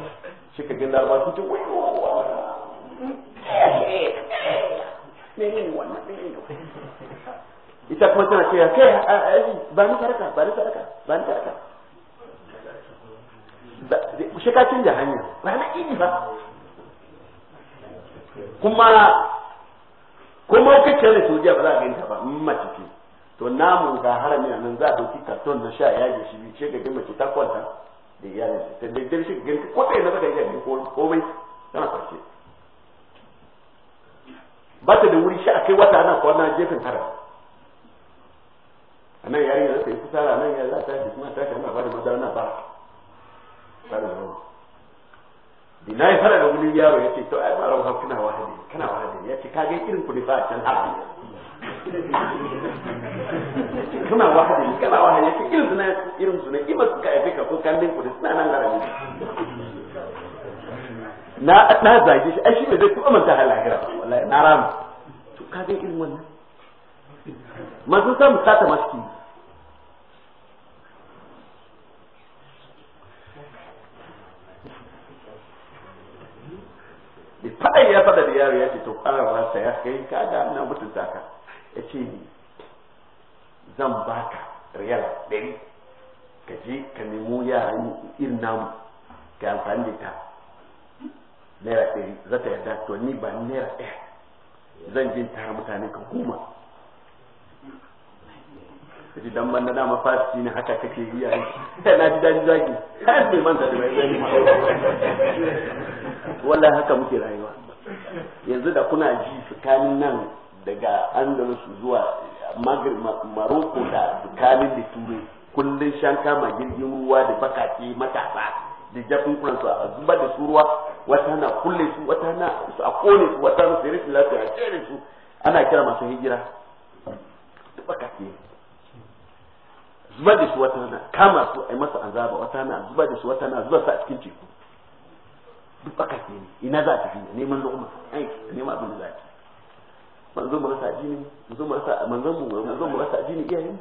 shi ka ba su ce wai ne ne ne ita kuma tana cewa kai aji ba ni sarka ba ni sarka ba ni sarka shi ka canja hanya ba na idi ba kuma kuma ka ce da sojiya ba za a ganta ba in mace ce to namun ga harami nan za a dauki karton na sha ya shi bi ce ga mace ta kwanta da iyalin ta da dai shi ga ko tsaye na zaka yi gani ko komai tana kwace ba ta da wuri shi a kai wata ana kwana jefin harami a nan yari za ta yi fitsara nan ya za ta tashi kuma ta ana ba da madara na ba ba da nono da na fara da wani yaro ya ce to ai marar ha kuna wahadi kana wahadi ya ce ka ga irin ku ne fa can ha kana wahadi kana wahadi ya ce irin su na irin su na ima su ka aife ka ko kandin ku ne suna nan garabi na na zage shi ai shi ne zai tuba manta halaka wallahi na rama to ka ga irin wannan manzo sai musata masu yi da faɗa ya faɗa da yaro ya ce to ƙararwa rasa ya kai ka da ina mutunta zaka ya ce zan baka riyar ɗari ka je ka nemo yaran irin namu ka amfani da ta naira ɗari za ta yarda to ni ba naira ɗaya zan je tara mutane ka goma kaji dan banda dama fasiti ne haka kake yi a yi na ji daji zaki har bai manta da mai zai wallahi haka muke rayuwa yanzu da kuna ji tsakanin nan daga andalus zuwa maroko da tsakanin da turai kullum Shanka, ma girgin ruwa da bakake matasa da jafin su a zuba da su ruwa wata na kulle su wata na su a kone su wata na su lafiya a cire su ana kira masu hijira da bakake zuba da su wata na kama su a yi masa azaba wata na zuba da su wata na zuba sa a cikin teku duk baka ke ne ina za a tafi ne neman lu'umma ai neman abin da za a ci manzo mu rasa addini manzo mu rasa manzo mu manzo mu rasa addini iyayen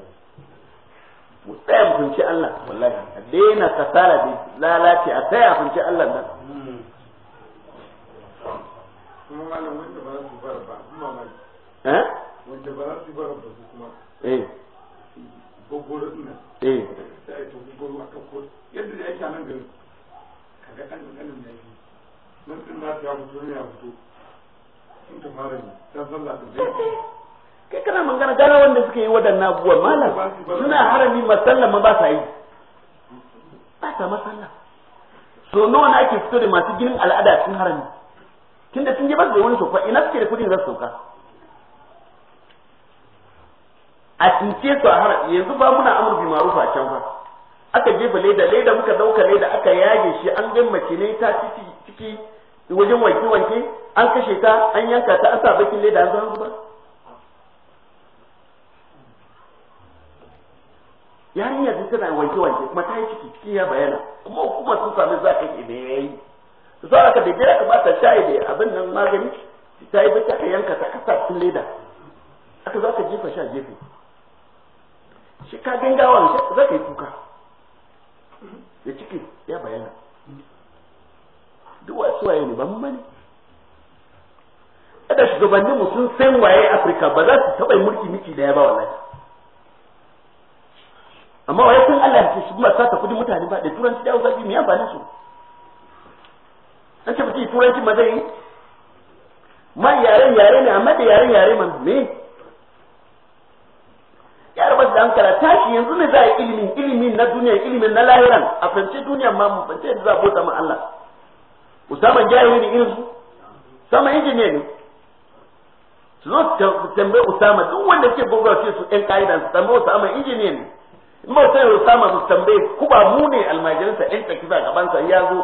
mu tsaya mu kunci Allah wallahi a daina kasala da lalace a tsaya kunci Allah nan kuma malam wanda ba su bar ba mamaki eh wanda ba su bar ba su kuma eh gogoro ina eh da ita to gogoro aka ko yadda da yake nan gari kaga kan kanin nan yake mun din da ya mutu, ne ya fito in ta fara ne ta sallah da je kai kana magana gana wanda suka yi wadannan abubuwan malam suna harami masallan ma ba sa yi ba sa masallan so nawa na ake fito da masu ginin al'ada sun harami tunda sun je ba su da wani sofa ina suke da kudin za su sauka a cuce su a harafi yanzu ba muna amur bi marufa can fa aka jefa leda leda muka dauka leda aka yage shi an gan mace ne ta ciki wajen wanke wanke an kashe ta an yanka ta an sa bakin leda an zama ba yarinya da tana wanke wanke kuma ta yi ciki ciki ya bayana kuma kuma sun sami za ka yi ne yayi su sa aka daidai aka bata shayi da abin nan magani ta yi bata ka yanka ta kasa leda aka za ka jefa sha jefa shi ka gangawan za ka yi kuka ya ciki ya bayana duwa wasu waye ne ba mu bane kada shugabannin mu sun san waye Afirka ba za su taɓa mulki miki da ya ba wallahi amma waye kun Allah ya ce su ba sa ta kudi mutane ba da turanci da Hausa me amfani su an ce mutum turanci ma zai yi ma yaren yare ne amma da yaren yare man me ya rabar da hankala tashi yanzu ne za a ilimi ilimin ilimin na duniya ilimin na lahiran a fahimci duniya ma mu fance yanzu za a bauta ma Allah Usama jahili ne irin su sama injiniya ne su zo tambaye usama duk wanda ke gogara ce su ɗan ƙa'idan su tambaye usama injiniya ne in ba sai usama su tambaye kuba mu ne almajirinsa ɗan gaban sa ya zo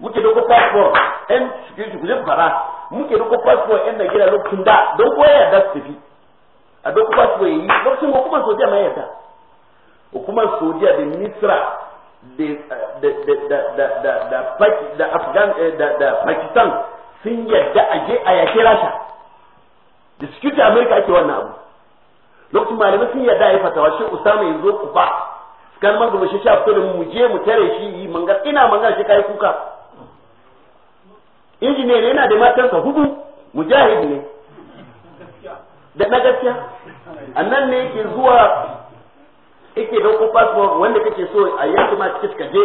muke ku passport ɗan security ku je fara muke ku passport ɗan gida lokacin da don koya da su tafi a duk ba su yi lokacin hukumar sojiya mai yadda hukumar sojiya da misra da afghan da pakistan sun yadda a je a yake rasha da security america ake wannan abu lokacin malamai sun yadda a yi fatawa shi usama ya zo kuba kan magana shi sha fito da mu je mu tare shi yi manga ina manga shi kai kuka injiniya ne yana da matansa hudu mujahid ne da na gaskiya nan ne yake zuwa yake dauko passport wanda kake so a yaki ma ticket ka je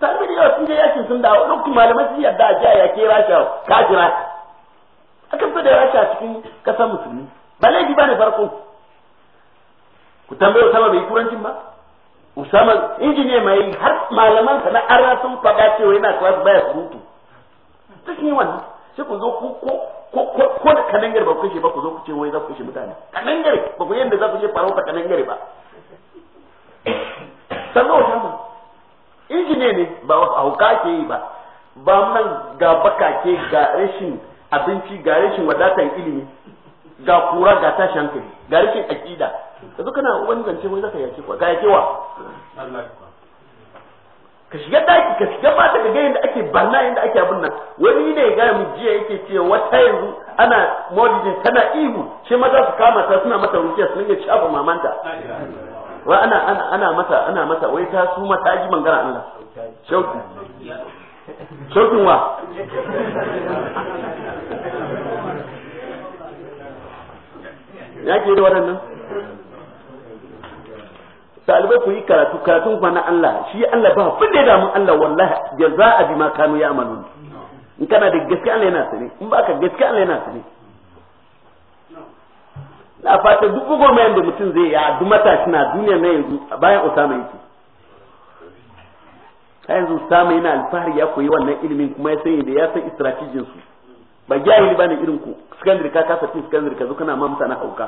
tabi da sun je yakin sun dawo dukkan malaman sun yarda a ji a yake rasha kajira akan fi da rasha cikin kasar musulmi ba laifi ba ne farko ku tambaye Usama bai turancin ba Usama injiniya mai har malaman sa na arna sun faɗa cewa yana kawai baya surutu duk ne wannan sai ku zo ku ko ko da gari ba ku kashe ba ku zo ku ce wai za ku kashe mutane gari ba ku yanda za ku je ka kanan gari ba sannan wata ma injiniya ne ba wasu hauka ke yi ba ba man ga baka ke ga rashin abinci ga rashin wadatan ilimi ga kura ga tashin hankali ga rashin akida yanzu kana wani zance wai zaka yake wa ga yake wa ka shiga daki ka shiga fata ka ga yadda ake barna yadda ake abin nan wani ne ga mu jiya yake ce wata yanzu ana maulidin tana ihu shi maza su kama ta suna mata rukiya su dinga shafa mamanta wa ana ana ana mata ana mata wai ta su mata ji mangana Allah shauki shauki wa ya ke da waɗannan talibai ku yi karatu karatu kuma na Allah shi Allah ba fa da ya damu Allah wallahi jaza'a bima kanu ya'malun in kana da gaskiya Allah yana sani in baka gaskiya Allah yana sani na fata duk gwagwarmayar da mutum zai ya duk matashi na duniya na yanzu bayan Usama yake ta yanzu Usama yana alfahari ya koyi wannan ilimin kuma ya sani da ya san istratijin su ba jahili bane irin ku sakandare ka kasa tin sakandare ka zo kana ma mutana hauka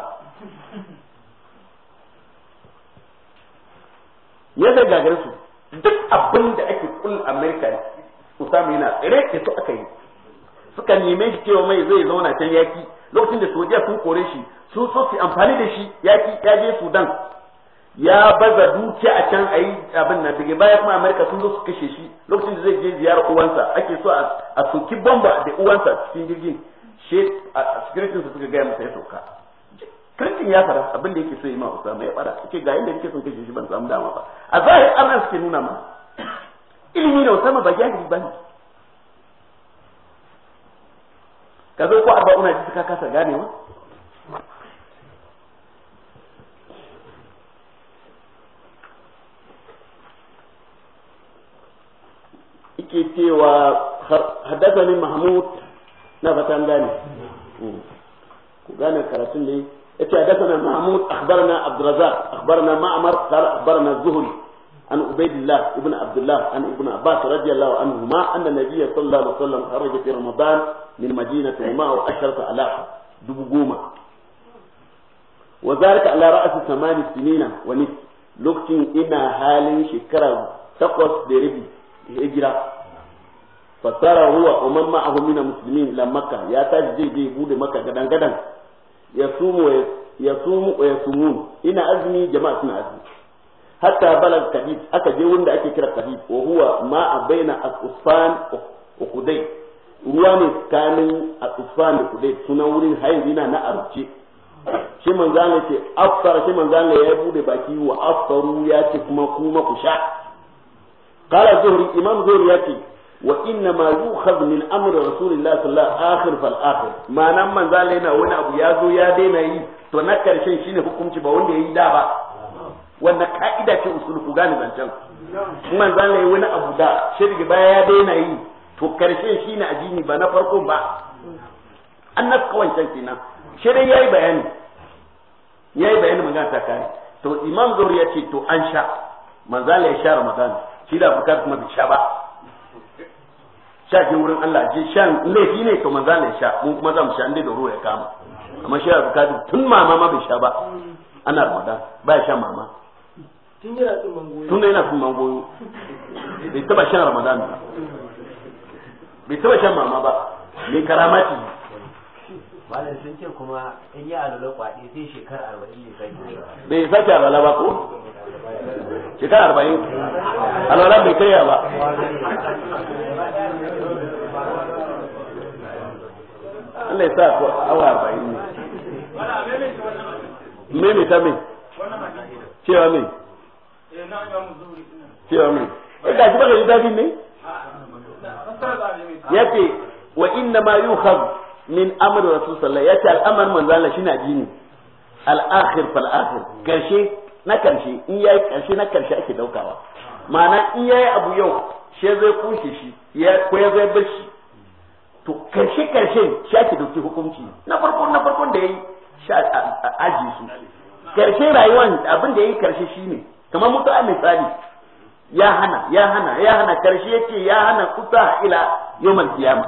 ya zai su duk abin da ake kul amerika usama yana tsere ke so aka yi suka neme shi cewa mai zai zauna can yaki lokacin da sojiya sun kore shi sun so su amfani da shi yaki ya je sudan ya baza dukiya a can ayi abin nan daga baya kuma amerika sun zo su kashe shi lokacin da zai je ziyarar uwansa ake so a soki bomba da uwansa cikin jirgin shi a sa suka gaya masa ya sauka kristin ya fara abin da yake so yi ma usama ya fara yake ga yanda yake son kashe shi ban samu dama ba a zahiri Allah suke nuna ma ilimi da usama ba ba ne ka zo ko arba'una ji ka kasa ganewa yake cewa haddasa ne mahmud na fatan gane hmm. ku gane karatun ne yace hadathana mahmud akhbarana abdurrazzaq akhbarana ma'mar qala akhbarana az-zuhri عن عبيد الله ابن عبد الله عن ابن عباس رضي الله عنهما أن النبي صلى الله عليه وسلم خرج في رمضان من مدينة معه عشرة آلاف دبقومة وذلك على رأس ثمان سنين ونصف لوكتين إنا حال شكرا تقص بربي هجرة فصار هو ومن معه من المسلمين إلى مكة يا تاج دي دي بود مكة غدان غدان yasumu yasumu wa yasumun ina azumi jama'a suna azumi hatta balag kadid aka je wanda ake kira kadid wa huwa ma a baina al-usfan wa kudai ruwa ne tsakanin al-usfan da kudai sunan wurin hayin na na arce shi manzana ce afsara shi manzana ya bude baki wa afsaru ya ce kuma kuma ku sha qala zuhri imam zuhri ya ce wa inna ma yukhadh min amri rasulillahi sallallahu alaihi akhir fal akhir ma'ana man zalla yana wani abu ya zo ya daina yi to na karshen shine hukunci ba wanda yayi da ba wannan ka'ida ce usul ku gane can. man zalla yayi wani abu da shirgi baya ya daina yi to karshen shine ajini ba na farko ba an nafka wancan kenan shirin yayi bayani yayi bayani magana ta kare to imam zuri ya ce to an sha manzala ya sha ramadan shi da bukar kuma bi sha ba sha je wurin Allah je shan laifi ne to manzan ne sha mun kuma zamu mu sha inda da ruwa ya kama amma shi Abu tun mama ma bai sha ba ana Ramadan ba ya sha mama tun yana tun mangoyo tun yana tun mangoyo bai taba shan Ramadan ba bai taba shan mama ba ne karamati malam sun ce kuma in yi alwala kwaɗe sai shekara 40 ne sai bai sake alwala ba ko shekara arba'in alwala bai karya ba Allah ya sa ku awa arba'in ne me me ta me cewa me cewa me ga shi baka yi dadin ne yace wa inna ma yukhaz min amri rasul sallallahu alaihi wasallam yace al'amar manzo Allah shine addini al-akhir fal akhir karshe na karshe in yayi karshe na karshe ake daukawa ma'ana in yayi abu yau she zai kushe shi ko ya zai bashi to karshe karshe shi ake dauki hukunci na farko na farkon da yayi aji su karshe rayuwar abin da yayi karshe shine kamar mutu a misali ya hana ya hana ya hana karshe yake ya hana kuta ila yawmal qiyama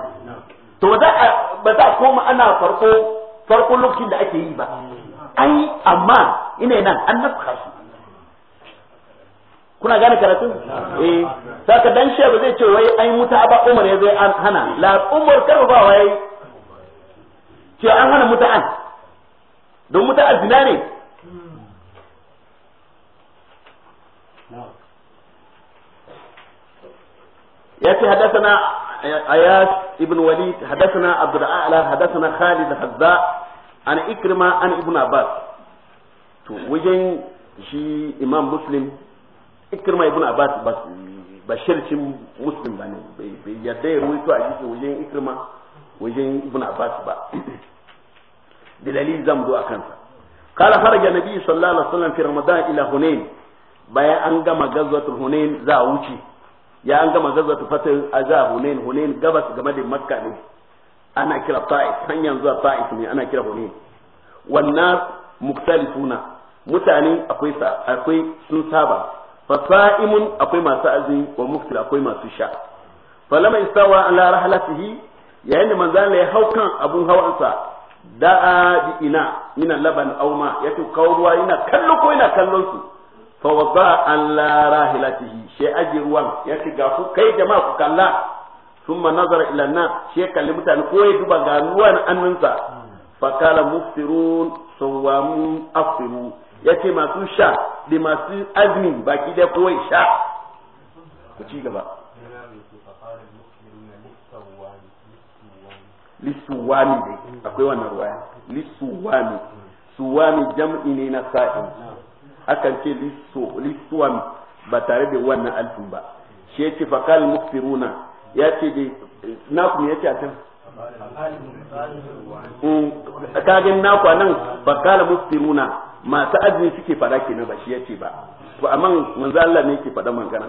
to ba za a koma ana farko farko lokacin da ake yi ba an amma ina nan an nafka su kuna gane karatu eh saka dan shi ba zai ce wai ai muta ba umar ya zai an hana la umar kar ba wai ce an hana an don muta zina ne Ya يأتي حدثنا اياس ابن وليد حدثنا عبد haddasa na Khalid Hadza. an ikrima an ibn abbas to wajen shi imam muslim ikrima ibn abbas ba shircin muslim ba ne bai yadda ya ruwaito a jikin wajen ikrima wajen ibn abbas ba dalali zamu zo a kansa قال خرج النبي صلى الله عليه وسلم في رمضان الى هنين bayan an gama gazwatul hunain za a wuce ya an gama gazwatul fatr a za hunain hunain gabas game da makka ne ana kira ta'if hanyar zuwa ta'if ne ana kira hunain wannan muktalifuna mutane akwai akwai sun saba Fa sa'imun akwai masu azumi wa muktil akwai masu sha falama istawa ala rahlatihi yayin da manzan ya hau kan abun hawansa da'a bi ina min laban aw ma yake kawo ruwa yana kallo ko yana kallon su fa wada ala rahlatihi shi aji ruwan yake ga ku kai jama'a ku kalla sun ma nazara ila na shi ya kalli mutane ko ya duba ga ruwan annansa fakala muftirun sun mu afiru masu sha da masu baki da kowai sha ku ci gaba jam'i ne na akan ce lissuwami ba tare da wannan alfin ba shi ya ce fakal muftiruna ya ce dai naku ya ce a can mm, kagin naku a nan bakala mustiruna masu azumi suke fada ke ba shi ya ce ba to amma manzo Allah ne yake fada mangana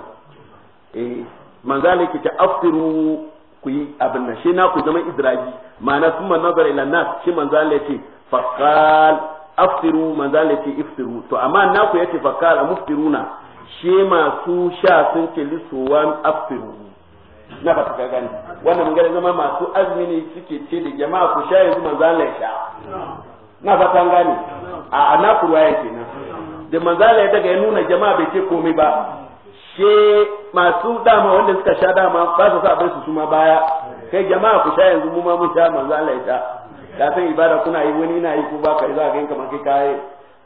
eh manzo Allah yake ta afturu ku yi abin nan shi naku zama idraji ma'ana kuma nazar ila nas shi manzo Allah yake faqal afturu manzo Allah yake iftiru to amma naku yace faqal muftiruna shi masu sha sun ce lisuwan afturu na ba ka gani wannan mun gani zama masu azumi ne suke ce da jama'a ku sha yanzu manzo Allah ya sha na ba ta gani a na kurwa yake nan da manzo Allah ya daga ya nuna jama'a bai ce komai ba she masu dama wanda suka sha dama ba su sa bai su suma baya kai jama'a ku sha yanzu mu ma mu sha manzo Allah ya sha da san ibada kuna yi wani na yi ku ba kai za ka yi kamar kai kai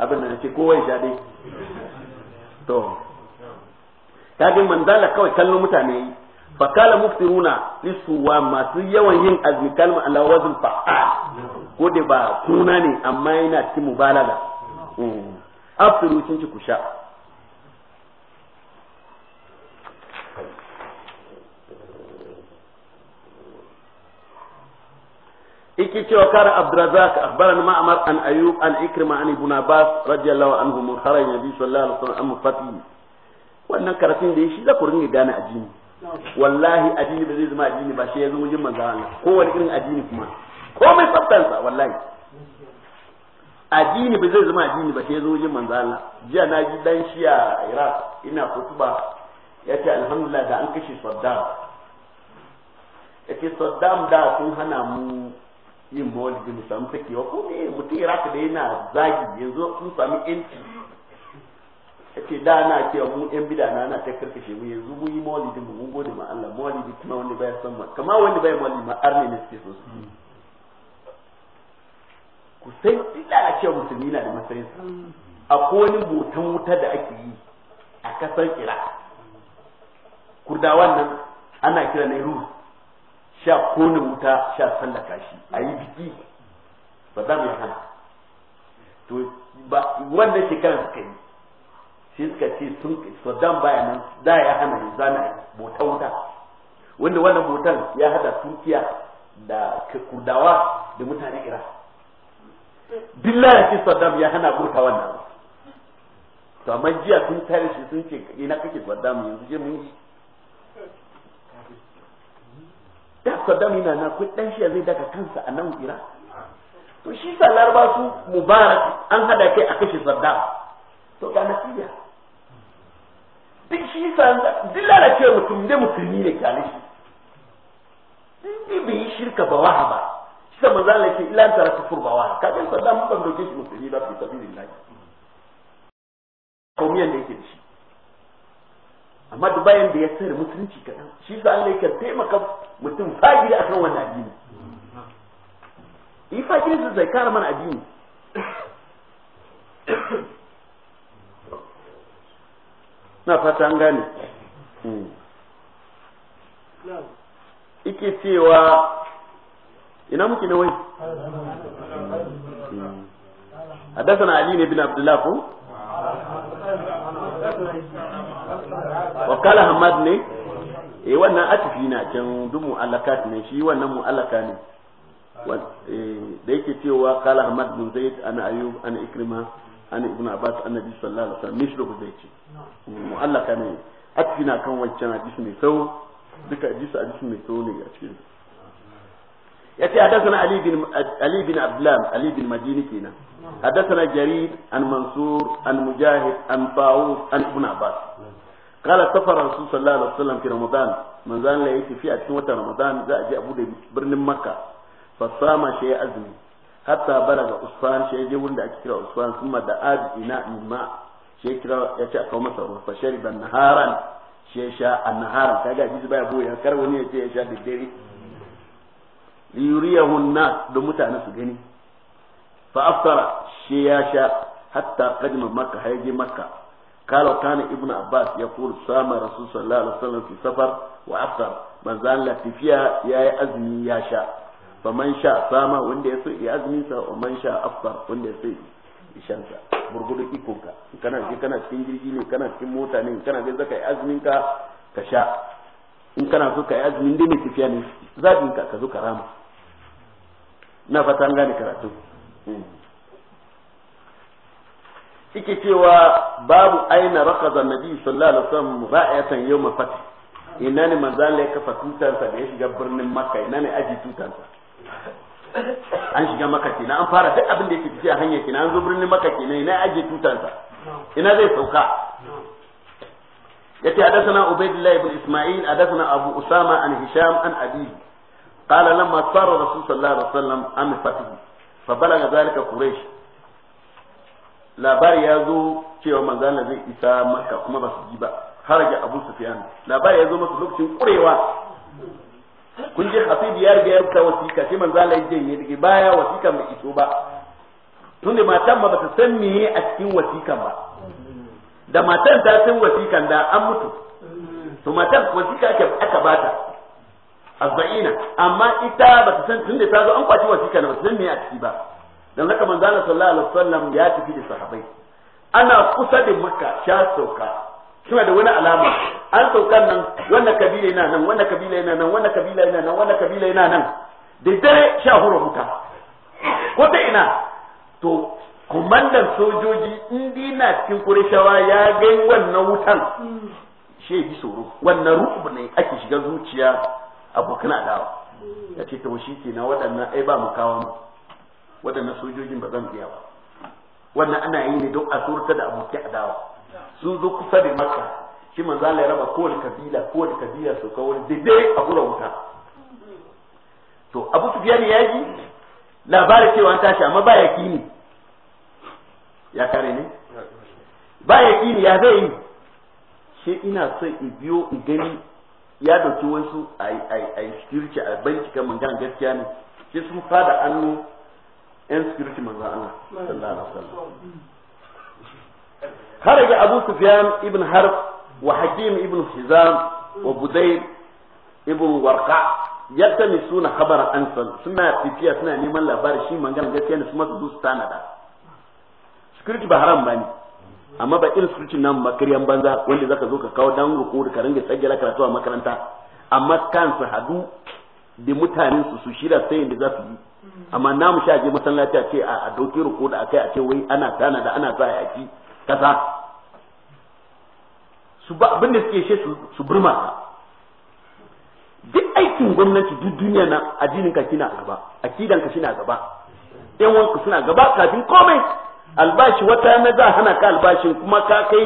abin da nake kowa ya sha dai to ta ga manzala kawai kallon mutane yi fakala muftiruna lisuwa masu yawan yin azmi kalma ala wazn fa'al ko da ba kuna ne amma yana cikin mubalaga mm. aftiru sun ci kusha iki cewa kara abdurazak akhbaran ma'amar an ayyub an ikrima an ibn abbas radiyallahu anhu mun kharaja nabi sallallahu alaihi wasallam fatih wannan karatun da shi za ku ringa gane ajini wallahi addini ba zai zama addini ba sai ya zama wajen manzon Allah kowane irin addini kuma ko mai tsabtansa wallahi addini ba zai zama addini ba sai ya zama wajen manzon Allah jiya na ji dan shi a Iraq ina kutuba ce alhamdulillah da an kashe Saddam ce Saddam da sun hana mu yin mawlidi mu samu sakewa ko me mutum Iraq da yana zagi yanzu sun sami yanci ake da na cewa mu yan bida na na ta karkashe mu yanzu mu yi maulidi mu mun gode ma Allah maulidi kuma wanda baya san ma kamar wanda baya maulidi ma arne ne suke so su ku sai illa a cewa musulmi na da matsayin sa akwai wani botan wuta da ake yi a kasar kira kurdawan nan ana kira ne ruhu sha kone wuta sha sallaka shi a yi biki ba za mu yi hana to ba wannan shekarar suka yi shi suka ce sun Saddam baya nan da ya hana zana bota wuta wanda wannan botan ya hada Turkiya da Kurdawa da mutanen Iraq billahi shi Saddam ya hana burta wannan to amma jiya sun tare shi sun ce ina kake Saddam yanzu je mun yi da Saddam yana na kuɗin dan shi zai daga kansa a nan ira to shi sa ba su Mubarak an hada kai a kashe Saddam to ga natija shi sa duk lalace mutum da musulmi ne kyale shi in bai yi shirka ba waha ba shi sa manzo Allah ce ila tara kufur ba waha ka ga saddam ban doke shi musulmi ba fi sabilillah kaumiyan da yake da shi amma duk bayan da ya tsare musulunci kaɗan, shi sa Allah yake taimaka mutum fagiri akan wannan addini yi fajiri su zai kara mana addini na fata an gane hmm. ike cewa ina muke na wai حدثنا علي بن عبد الله وقال حماد ne eh wannan atifi na can duk mu'allakat ne shi wannan mu'allaka ne eh, da yake cewa qala ahmad bin zaid ana ayub ana ikrima ana ibnu abbas annabi sallallahu alaihi wasallam mishru zai ce ka ne atfi na kan wancan hadisi mai tsawo duka hadisi hadisi mai tsawo ne a cikin ce hadathana ali bin ali bin abdullah ali bin madini kenan hadathana jarir an mansur an mujahid an Bawo an ibn abbas Kala safar rasul sallallahu alaihi wasallam fi ramadan manzan la yake fi a cikin watan ramadan za a je abu da birnin makka fa sama shi azumi hatta balaga usfan shi je wurin da ake kira usfan kuma da abi ina ma shi kira ya ce a masa ruwa fashari ban naharan shi ya sha a naharan ta ga jizi baya boye kar wani ya ce ya sha da dare liyuriya hunna don mutane su gani fa aftara shi ya sha hatta kajima makka haiji makka kala kana ibnu abbas ya kuru sama rasul sallallahu alaihi wasallam fi safar wa aftar manzo Allah tafiya yayi azumi ya sha fa man sha sama wanda ya so ya azumi sa wa man sha aftar wanda ya so ishanka gurgudu ikonka kana je kana cikin jirgi ne kana cikin mota ne kana je zaka yi azumin ka ka sha in kana so ka yi azumin dai mai tafiya ne zabin ka ka zo ka rama na fata an gane karatu ike cewa babu aina rakaza nabi sallallahu alaihi wasallam ra'ayatan yawma fath ina ne manzo Allah ya kafa da ya shiga birnin makka ina ne aji sa an shiga maka kenan an fara duk abin da yake tafiya hanya kenan an zo birnin maka kenan ina aje tutansa ina zai sauka yace hadathana ubaydullah ibn isma'il hadathana abu usama an hisham an abi qala lamma sara rasul sallallahu alaihi wasallam am fatihi fa balaga zalika quraish labari ya zo cewa manzo na zai isa maka kuma ba su ji ba haraja abu sufyan labari ya zo masa lokacin kurewa kun je hasib ya riga ya rubuta wasika sai manzo Allah ya janye daga baya wasika mai iso ba tun da matan ma bata san meye a cikin wasikan ba da matan ta san wasikan da an mutu to matan wasika ake aka bata arba'ina amma ita bata san tun da ta zo an kwaci wasika na bata san meye a ciki ba dan haka manzo Allah sallallahu alaihi wasallam ya tafi da sahabbai ana kusa da makka sha sauka suna da wani alama an saukan nan wannan kabila yana nan wannan kabila yana nan wannan kabila yana nan wannan kabila yana nan da dare sha huru huta ko ta ina to kumandan sojoji in na cikin kurishawa ya ga wannan wutan she yi tsoro wannan ru'ub ne ake shiga zuciya abokan adawa ya ce to shi na waɗannan ai ba mu kawo mu waɗannan sojojin ba zan biya ba wannan ana yi ne don a surta da abokan adawa sun zo kusa da maka shi manzo Allah ya raba kowace kabila kowace kabila su kawo daidai a kula wuta to Abu Sufyan ya ji labarin cewa an tashi amma ba yakini ya kare ne ba yakini ya zai yi shi ina so in biyo in gani ya dauki wasu a yi security a bincika mangan gaskiya ne sai sun fada annu yan security manzo Allah sallallahu alaihi wasallam خرج أبو سفيان ابن حرب وحكيم ابن حزام وبديل ابن ورقع يلتمسون خبر أنسل سنة تبكي سنة نيمان لابار شي من قال جاتي أنا سمعت دوس تانا ba سكريتي بحرام باني amma ba irin surucin nan makaryan banza wanda zaka zo ka kawo dan ruku da ka ringa tsaggira karatu a makaranta amma kansu hadu da mutanen su su shira sai inda za su yi amma namu sha je masallaci a ce a doke ruku da akai a ce wai ana tana ana sa yaki kasa su ba abin da suke she su burma ta duk aikin gwamnati duk duniya na addinin ka shi na gaba akidan ka shi na gaba yan wanku suna gaba kafin komai albashi wata na za hana ka albashin kuma ka kai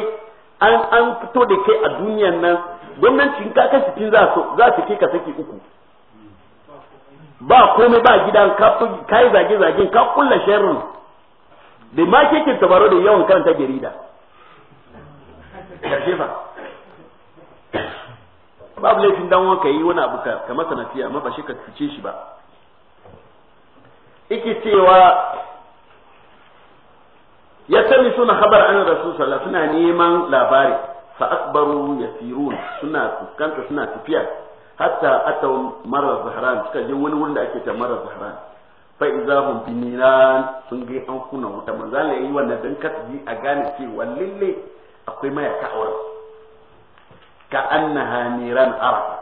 an an fito da kai a duniyan nan gwamnati ka kai cikin za za su ke ka saki uku ba komai ba gidan ka kai zage zagen ka kulla sharrin da ma kike tabaro da yawan karanta jarida karshe fa babu laifin dan ka yi wani abu ka masa nasiya amma ba shi ka cuce shi ba iki cewa ya sani suna habar an rasu sallah suna neman labari fa akbaru yasirun suna kanta suna tafiya hatta atau marar zahran suka je wani wanda ake ta marar zahran fa izahum bi niran sun ga an kuna wuta manzo Allah yayi wannan dan kasbi a gane cewa lalle akwai mayaka a wurin ka annaha niran arafa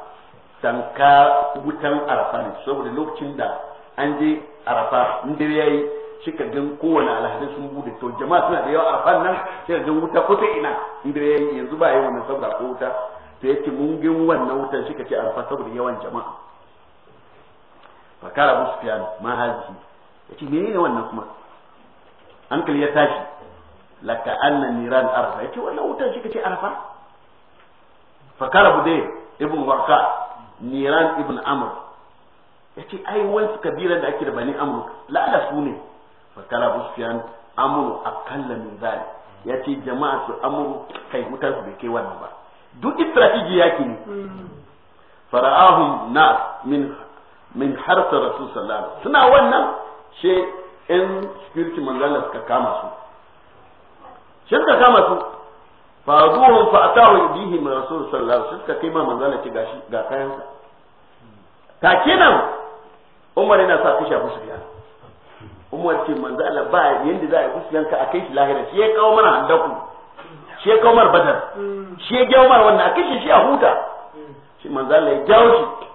tanka wutan arafa ne saboda lokacin da an je arafa in dare shi ka gan kowane alhadin sun bude to jama'a suna da yawa arafan nan sai gan wuta ko ta ina in dare yayi yanzu ba yawan saboda ko wuta to yace mun gan wannan wutan shi ka ce arafa saboda yawan jama'a fakara abu sufyan ma hazihi yace menene wannan kuma hankali ya tashi laka anna niran arfa yace wannan wutar shi kace arfa fakara bude ibn warqa niran ibn amr yace ai wani kabira da ake da bani amr la'ala su ne fakara abu sufyan amru aqalla min zalik yace jama'a su amru kai wutar su bai kai wannan ba duk strategy yake ne fara'ahum na min min harsa rasul sallallahu alaihi suna wannan she in security manzala suka kama su shi suka kama su faduhum fa atahu min rasul sallallahu alaihi suka kai ma manzala ki gashi ga kayansa ta kenan umar yana sa kisha abu sufyan umar ce manzala ba yanda za a yi sufyan ka a kai shi lahira shi ya kawo mana handaku shi ya kawo mar badar shi ya mara wannan a kashe shi a huta shi manzala ya jawo shi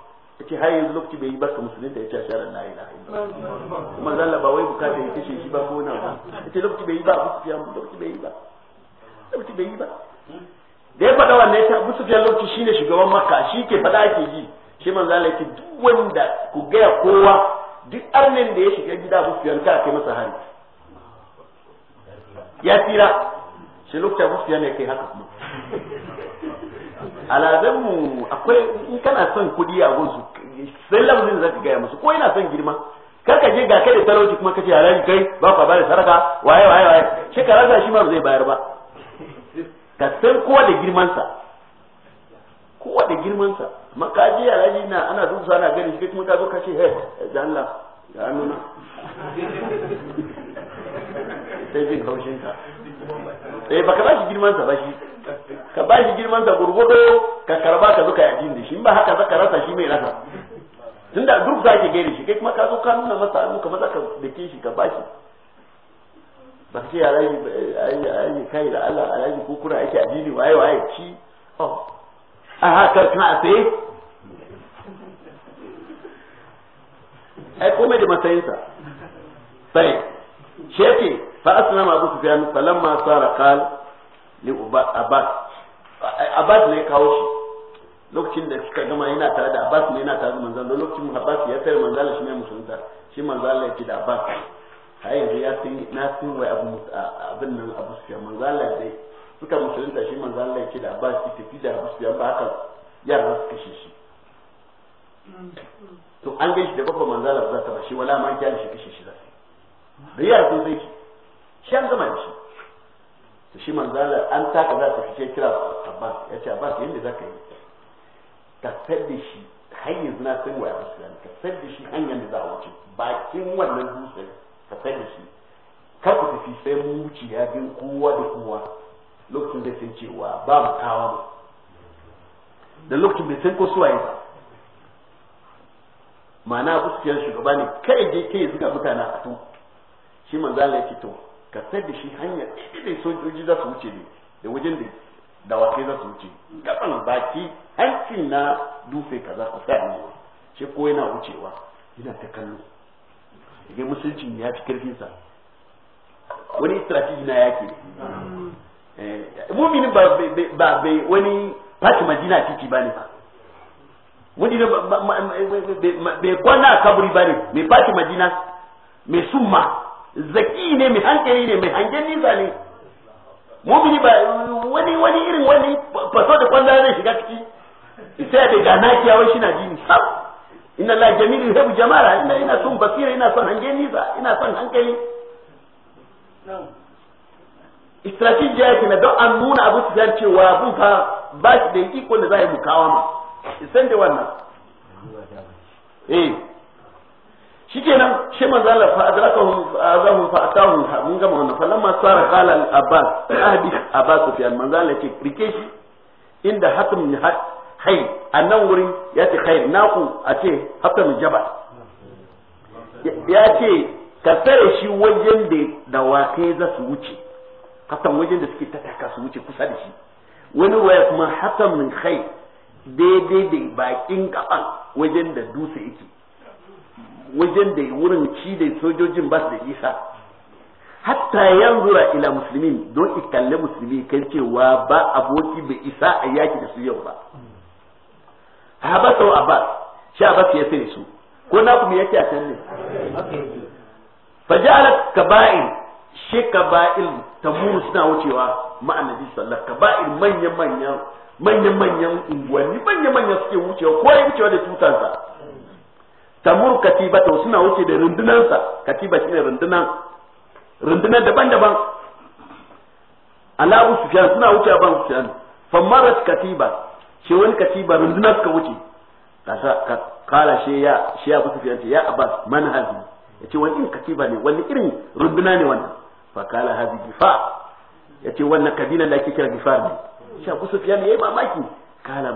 yace har yanzu lokaci bai yi ba ka musulunta yace asharar na yi illallah kuma zalla ba wai bukata ya kashe shi ba ko na ba yace lokaci bai yi ba musu fiya lokaci bai yi ba lokaci bai yi ba da ya faɗa wannan ta, musu fiya lokaci shine shugaban Makka shi ke faɗa ake yi shi manzo Allah yace duk wanda ku gaya kowa duk arnin da ya shiga gida musu fiya ka kai masa hari ya tira shi lokaci musu fiya ya kai haka kuma al'adun mu akwai in kana son kuɗi a gonsu sai lafazin zaka gaya musu ko ina son girma kar ka je ga kai da talauci kuma kace Alaji kai ba ka bada saraka waye waye waye shi ka shi ma zai bayar ba ka san kowa da girman sa kowa da girman sa amma ka je halaji na ana dusa ana gani shi kuma ka zo ka ce he da Allah ya nuna sai jin haushin eh, ka eh baka ba shi girman sa ba shi ka ba shi girman sa gurgudo ka karba ka zuka yaji da shi in ba haka zaka rasa shi mai rasa tunda duk za ki gaire shi kai kuma ka zo ka nuna masa hannu kamar zaka dake shi ka ba shi ba ce ai ai kai da Allah alaji ko kuna yake addini waye waye ci oh a haka kana a sai ai kuma da matsayinsa sai shi yake fa ma abu sufyan falamma sara qal li abbas abbas ne kawo shi lokacin da suka gama yana tare da abbas ne yana tare da manzan da lokacin abbas ya tare manzan shi ne musulunta shi manzan Allah yake da abbas har yanzu ya san na san wai abu abin nan abu su manzan Allah dai suka musulunta shi manzan Allah yake da abbas ki tafi da abu su ba haka yaran su kashe shi to an gaishe da bafa manzan Allah ba ta ba shi wala ma kyale shi kashe shi da sai da yaran sun sai shi shi an gama da shi to shi manzala an taka za ta fice kira abbas ya ce abbas yadda za ka yi ka sadda shi hanyar yanzu na san waya musulmi ka sadda shi hanyar da za a wuce bakin wannan dutsen ka sadda shi kar ku tafi sai mu wuce ya bin kowa da kowa lokacin da sai cewa ba mu kawo da lokacin bai san ko suwaye ba ma'ana abu su shugaba ne kai je kai zuga mutane a to shi manzala ya ce to ka sai da shi hanya da sojoji za su wuce ne da wajen da dawakai za su wuce gaban baki hancin na dufe kaza ku sa ne ce ko yana wucewa yana ta kallo idan musulci ya fi karfin wani strategy na yake mumini ba ba bai wani fatima madina titi ba ne ba da bai kwana kaburi ba ne mai fatima madina mai summa zaki ne mai hankali ne mai hangen nisa ne mumini ba wani wani irin wani faso da kwanza zai shiga ciki sai da gana kiyawai shi na jini sab inna la jamilu yuhibbu jamala inna ina son basira ina son hangen nisa ina son hankali strategiya yake na don an nuna abu su zan cewa abu fa ba shi da iko da za mukawama isan da wannan eh shikenan shi manzo Allah fa adrakahum azahum fa atahu mun ga wannan fa lamma sara qala al abbas ahdi abbas sufyan manzo Allah ce rike shi inda hatim hay annan wurin ya ce khair naku a ce hatim Jaba ya ce ka tsare shi wajen da dawakai za su wuce hatam wajen da suke tataka su wuce kusa da shi wani waya kuma hatam min khair daidai da bakin kafan wajen da dutse yake wajen da wurin ci da sojojin ba su da isa hatta yanzura ila musulmin don ikalle musulmi kan cewa ba aboki bai isa a yaki da su yau ba habasa wa abbas shi abbas ya sai su ko na kuma yake a can ne fajalat kaba'il shi kaba'il tamuru suna wucewa ma'anabi nabi sallallahu kaba'il manyan manyan manyan manyan unguwanni manyan manyan suke wucewa ko ya wucewa da tutansa tamur katiba to suna wuce da rundunansa katiba shine rundunan rundunan daban-daban ala abu sufyan suna wuce ban sufyan famarat katiba shi wani katiba rundunan suka wuce ka kala shi ya shi ya abu sufyan ya abbas man hazi yace wani irin katiba ne wani irin runduna ne wannan fa kala hazi gifa yace wannan kabila da ake kira gifar ne shi abu sufyan yayi mamaki kala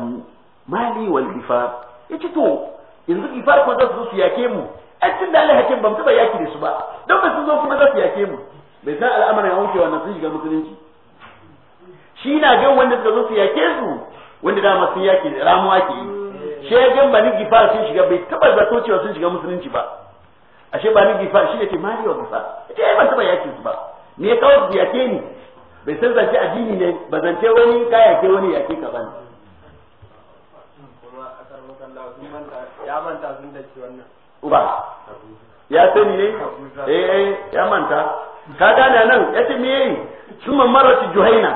mali wal gifar yace to yanzu ki farko za su zo su yake mu a cikin da Allah hakim ban taba yaki da su ba don ba su zo kuma za su yake mu bai san al'amarin hauke wannan sun shiga musulunci shi na gan wanda suka zo su yake su wanda da masu yake ramuwa ke yi shi ya gan bani gifar sun shiga bai taba zato cewa sun shiga musulunci ba ashe bani gifar shi ne ke mari wa musa ita ban taba yake su ba me ya kawo su yake ni bai san zance addini ne ba zance wani ka yake wani yake ka bani. ya manta sun da ci wannan uba ya sani ne eh eh ya manta ka gane nan ya ce me yayi summa ci juhaina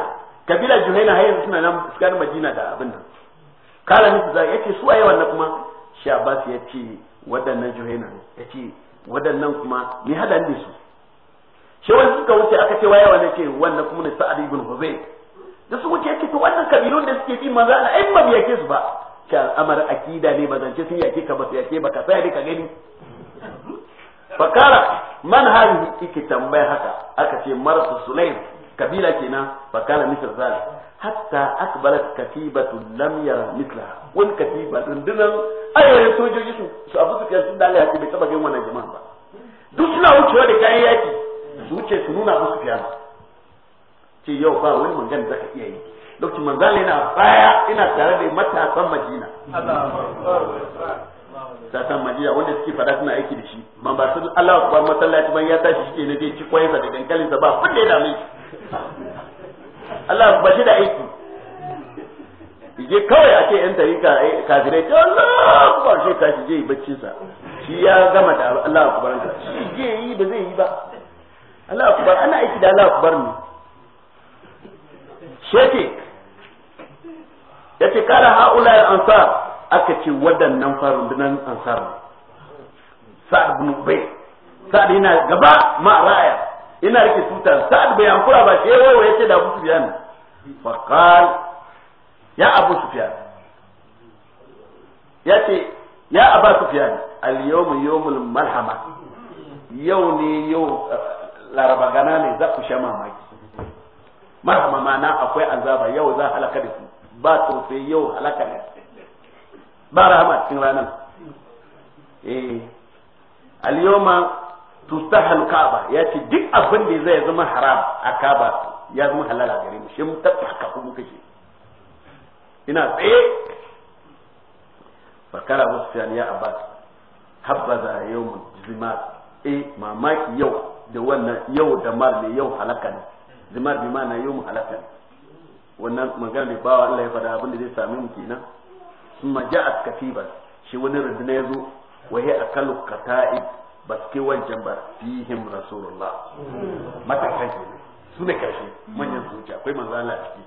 kabila juhaina hayyan suna nan fuskar madina da abin nan kala musu za yace su ayi wannan kuma shi abbas ya ce waɗannan juhaina ne ya ce waɗannan kuma ni hada ne su shi wani suka wuce aka ce waye na ce wannan kuma ne sa'ad ibn hubayb da su wuce yake to wannan kabilun da suke bi manzo Allah ai ba su ba ka amar akida ne bazance sun yake ka basu yake baka sai ka gani fakara man hali yake tambaya haka aka ce marsu sulaim kabila kenan fakara misal zalik hatta akbalat katibatu lam yara mislaha wani katiba dundunan ayoyin sojoji su su abu su kai sun ya bai taba ganin wannan jama'a ba duk suna wucewa da kayan yaki su wuce su nuna musu fiyama ce yau ba wani mangan da zaka iya yi lokacin manzala yana baya ina tare da matasan madina matasan madina wanda suke fada suna aiki da shi man ba su Allah akbar masallaci ban ya tashi shi ne zai ci kwayansa da dankalinsa ba kun da ya dame Allah ba shi da aiki je kawai a ce yan tarika eh, kafirai ce Allah akbar shi tashi je bacci sa shi ya gama da Allah akbar shi je yi ba zai yi ba Allah akbar ana aiki da Allah akbar ne sheke yace kala haula al ansar aka ce waɗannan farun dinan ansar sa'ad bin ubay sa'ad yana gaba ma raya ina rike tuta sa'ad bai yankura ba sai wayo yace da abu sufyan fa qal ya abu sufyan yace ya abu sufyan al yawm yawmul marhama yau ne yau eh, laraba gana ne za ku sha mamaki marhama mana akwai azaba yau za halaka da ku ba tofe yau halaka ne ba rahama cikin ranar eh al-yawma tustahal ka'aba ya ce duk abin da zai zama haram a ka'aba ya zama halala gare mu shi mun tabbaka ku muka shi ina tsaye fakara musu ya abbas habbaza yawm zimar eh mamaki yau da wannan yau da mar ne yau halaka ne zimar bi ma yau halaka ne wannan magana da bawa Allah ya faɗa abin da zai same mu kenan sun ma ja'at katiba shi wani runduna ya zo wa hiya akalu kata'i ba ke wancan ba fihim rasulullah matakan kenan su ne karshe manyan zuciya akwai manzan Allah ciki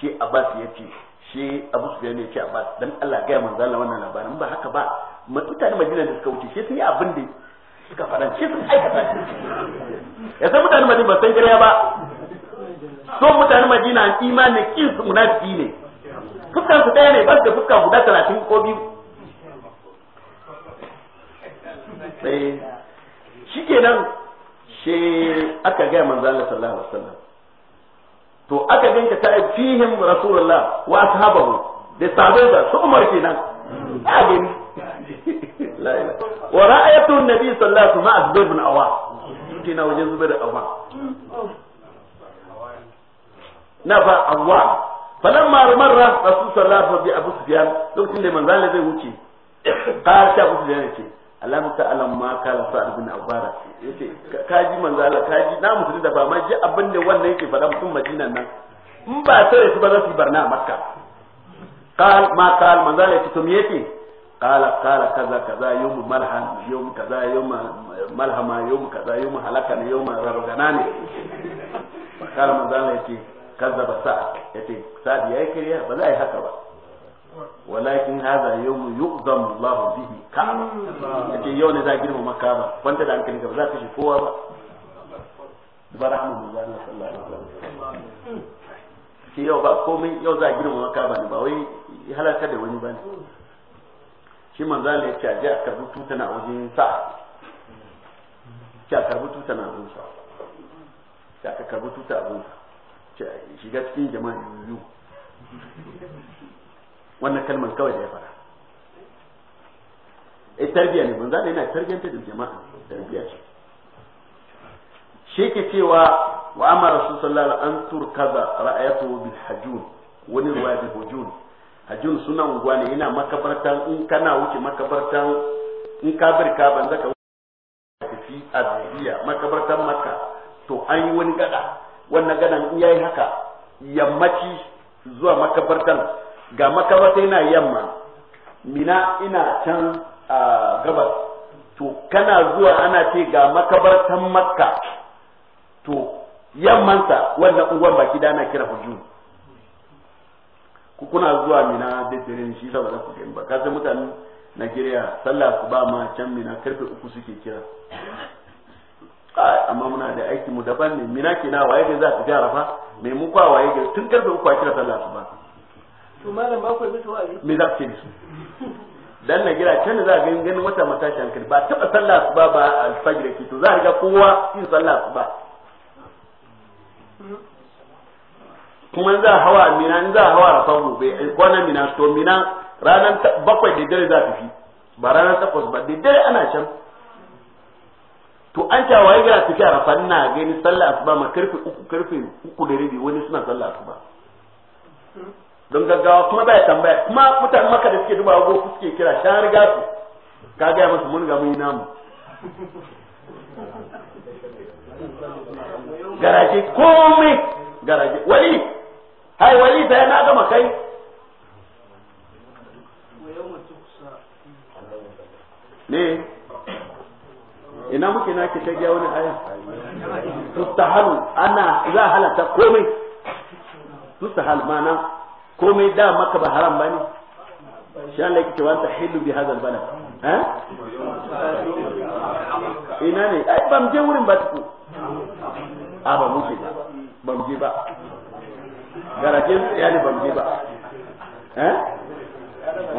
shi Abbas ya ce shi Abu su ya ce Abbas dan Allah ga manzan Allah wannan labarin ba haka ba mutane Madina da suka wuce shi sun yi abin da suka faɗa shi sun aikata ya san mutane Madina ba san gariya ba so mutanen madina an imanin kin su munafiki ne fuskan su ɗaya ne ba su da fuska guda talatin ko biyu eh, shi kenan she aka gaya manzo Allah sallallahu alaihi wasallam to aka ganka ta fihim rasulullah wa ashabahu da sahabbai da su umar kenan a gani wa ra'ayatu an-nabi sallallahu alaihi wasallam ma'a zubair bin awwa kina wajen zubair awwa nafa fa awwa falamma marra rasul sallallahu bi abu sufyan lokacin da manzali zai wuce qala ta abu sufyan yace alam ta alam ma kala sa'ad bin abara yace kaji manzala ka kaji na musulmi da ba ma ji abin da wannan yake faɗa mutum madinan nan in ba tare su ba za su barna a makka qal ma qal manzo Allah yace to me yake قال قال kaza كذا يوم ملحم يوم كذا يوم ملحمة يوم كذا يوم هلكني يوم رغناني قال من kazzaba sa'ad yace sa'ad yayi kariya ba za a yi haka ba walakin hadha yawmu yuqdamu Allah bihi kama yace yau ne za a girma maka ba wanda da hankali ka ba za ka shi kowa ba ba rahmatullahi sallallahu alaihi wasallam shi yau ba komai yau za a girma maka ba ne ba wai halaka da wani ba ne shi manzo ne yace aje a karbi tutana a wajen sa'a ki a karbi tutana a wajen sa'a ki a karbi tuta a wajen shiga cikin jama'a yuyu wannan kalmar kawai da ya fara ai eh, tarbiya ne ne yana tarbiyanta da jama'a tarbiya ce shi ke cewa wa amara rasul sallallahu alaihi an turkaza ra'ayatu bil hajun wani ruwaya bil hujun hajun suna unguwa ne yana makabartan in kana wuce makabartan in ka birka ban zaka tafi a makabartan makka to an yi wani gada wannan gadan in yayi haka yammaci zuwa makabartan ga makabarta yana yamma mina ina can a gabas to kana zuwa ana ce ga makabartan makka to yammansa wannan unguwan baki da ana kira hujum ku kuna zuwa mina dare shi saboda ku ba ka san mutanen Najeriya sallah ku ba ma can mina karfe uku suke kira amma muna da aiki mu daban ne mina ke na waye za ta gyara fa mai mu kwa waye ga tun karfe uku a kira sallah su ba to malam ba ku yi musu wa'azi me za ku ce su dan na gira can za ga ganin wata matashi hankali ba taba sallah su ba ba alfajir ki, to za ga kowa yin sallah su ba kuma za hawa mina in za hawa rafa gobe eh, kwana mina to mina ranar bakwai da dare za ta fi ba ranar takwas ba da dare ana can to an ta waye a tafi arafa ina gani sallah asuba ma karfe uku karfe uku da rabi wani suna sallah asuba don gaggawa kuma baya tambaya kuma mutanen maka da suke dubawa go suke kira shan riga su ka gaya masa mun ga mun namu garaje komai garaje wali hai wali da na gama kai ne ina muke na ke ta giya wani aya tustahalu ana za halata komai tustahal maana komai da maka ba haram ne shi Allah yake cewa tahillu bi hadha bala eh? ina ne ai bam je wurin ba tuku a ba muke ba bam je ba garaje ya ne bam je ba eh?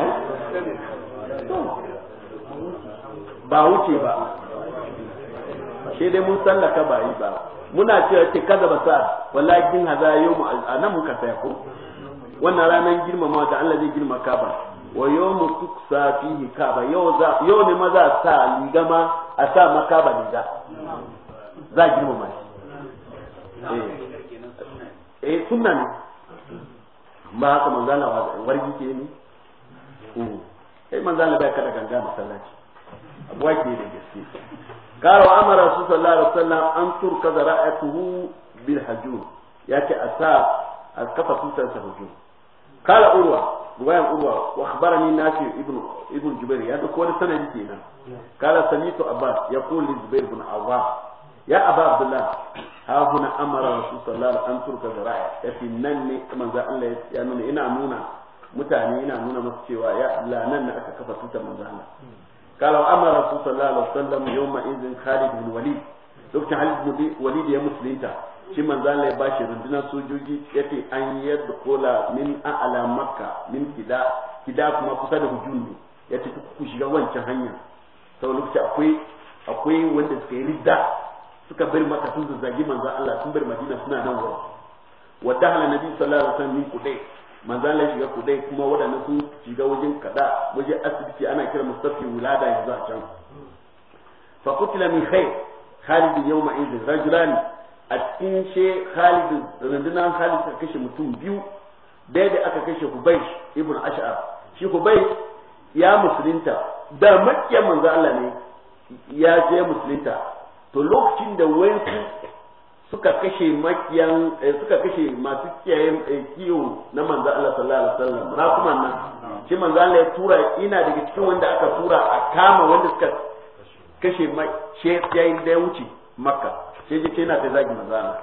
Eh? ba wuce ba shi dai mun sallaka ba yi ba muna cewa ce kaza ba sa walakin haza yau yawmu anan muka saya ko wannan ranar girmama da Allah zai girma ka ba wa yawmu tuksa fihi ka ba yau za yau ne maza sa ligama a sa maka ba liga za girmama shi eh. eh sunna ne ba haka manzala wa wargi ke ne hmm. eh manzala bai kada ganga masallaci abuwa ke da gaske قال وأمر رسول الله صلى الله عليه وسلم أن تركض رأته بالهجوم يأتي أساب الكفة توتا الهجوم قال أروى رواية أروى وأخبرني نافع ابن ابن جبير هذا كل سنة جينا قال سمعت أباس يقول لزبير بن عوام يا أبا عبد الله ها هنا أمر رسول الله صلى الله عليه وسلم أن تركض رأته يأتي نني كما ذا الله يعني إنا نونا mutane yana nuna masu cewa ya Allah nan na aka kafa tutar manzo Allah قال وأما رسول صلى الله عليه وسلم يوم إذن خالد بن وليد لوكتين خالد بن وليد يا shi manzan ya ba shi rundunar sojoji ya anyi an yadda min a'ala makka min kida kuma kusa da hujun ne ya wancan hanya sau lokaci akwai akwai wanda suka yi ridda suka bari maka sun zazzagi manzan Allah sun bari madina suna nan wurin wadda hala nabi sallallahu alaihi wasallam min manzan lai shiga kudai kuma waɗanda sun shiga wajen kada wajen asibiti ana kira mustafi wulada yanzu a can fa kutila min khair khalid yawma idin rajulani a cikin she khalid rundunan khalid ka kashe mutum biyu da da aka kashe hubaysh ibn ash'ab shi hubaysh ya musulunta da makiyan manzo Allah ne ya je musulunta to lokacin da wani suka kashe makiyan eh, suka kashe masu kiyaye eh, kiyo na manzo Allah sallallahu alaihi wasallam na kuma nan shi manzo Allah ya tura ina daga cikin wanda aka tura a kama wanda suka kashe mai she yayin da ya wuce makka sai je ce na ta zagi manzo Allah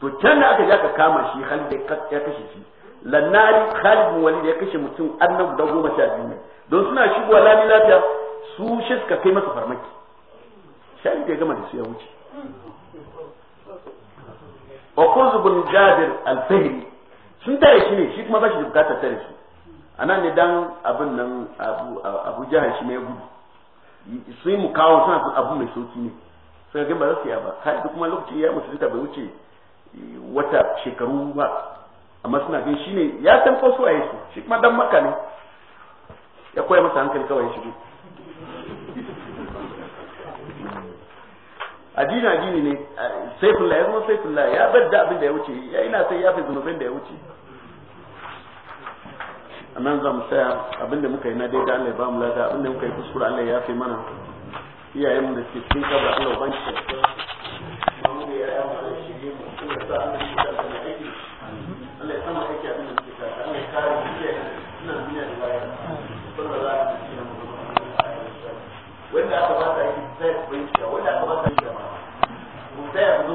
to can da aka je aka kama shi Khalid ya kashe shi lannari Khalid bin Walid ya kashe mutum annabi da goma sha biyu don suna shigowa lami lafiya su shi suka kai masa farmaki sai da ya gama da su ya wuce wa kurzu bin jabir al-fahri sun tare shi ne shi kuma ba shi da bukatar tare shi anan ne dan abin nan abu abu jahar shi mai gudu sun yi mukawo suna son abu mai sauki ne sai ga ba za su ya ba kai duk kuma lokaci ya musu bai wuce eh, wata shekaru ba amma suna gani shi ne ya san ko su a shi kuma dan maka ne ya koya masa hankali kawai shi addini addini ne saifullah ya zama saifullah ya bar abin da ya wuce ya ina sai ya fi zunubin da ya wuce a zamu saya abin da muka yi na daidai Allah ya ba lada abin da muka yi kuskure Allah ya fi mana iyayen there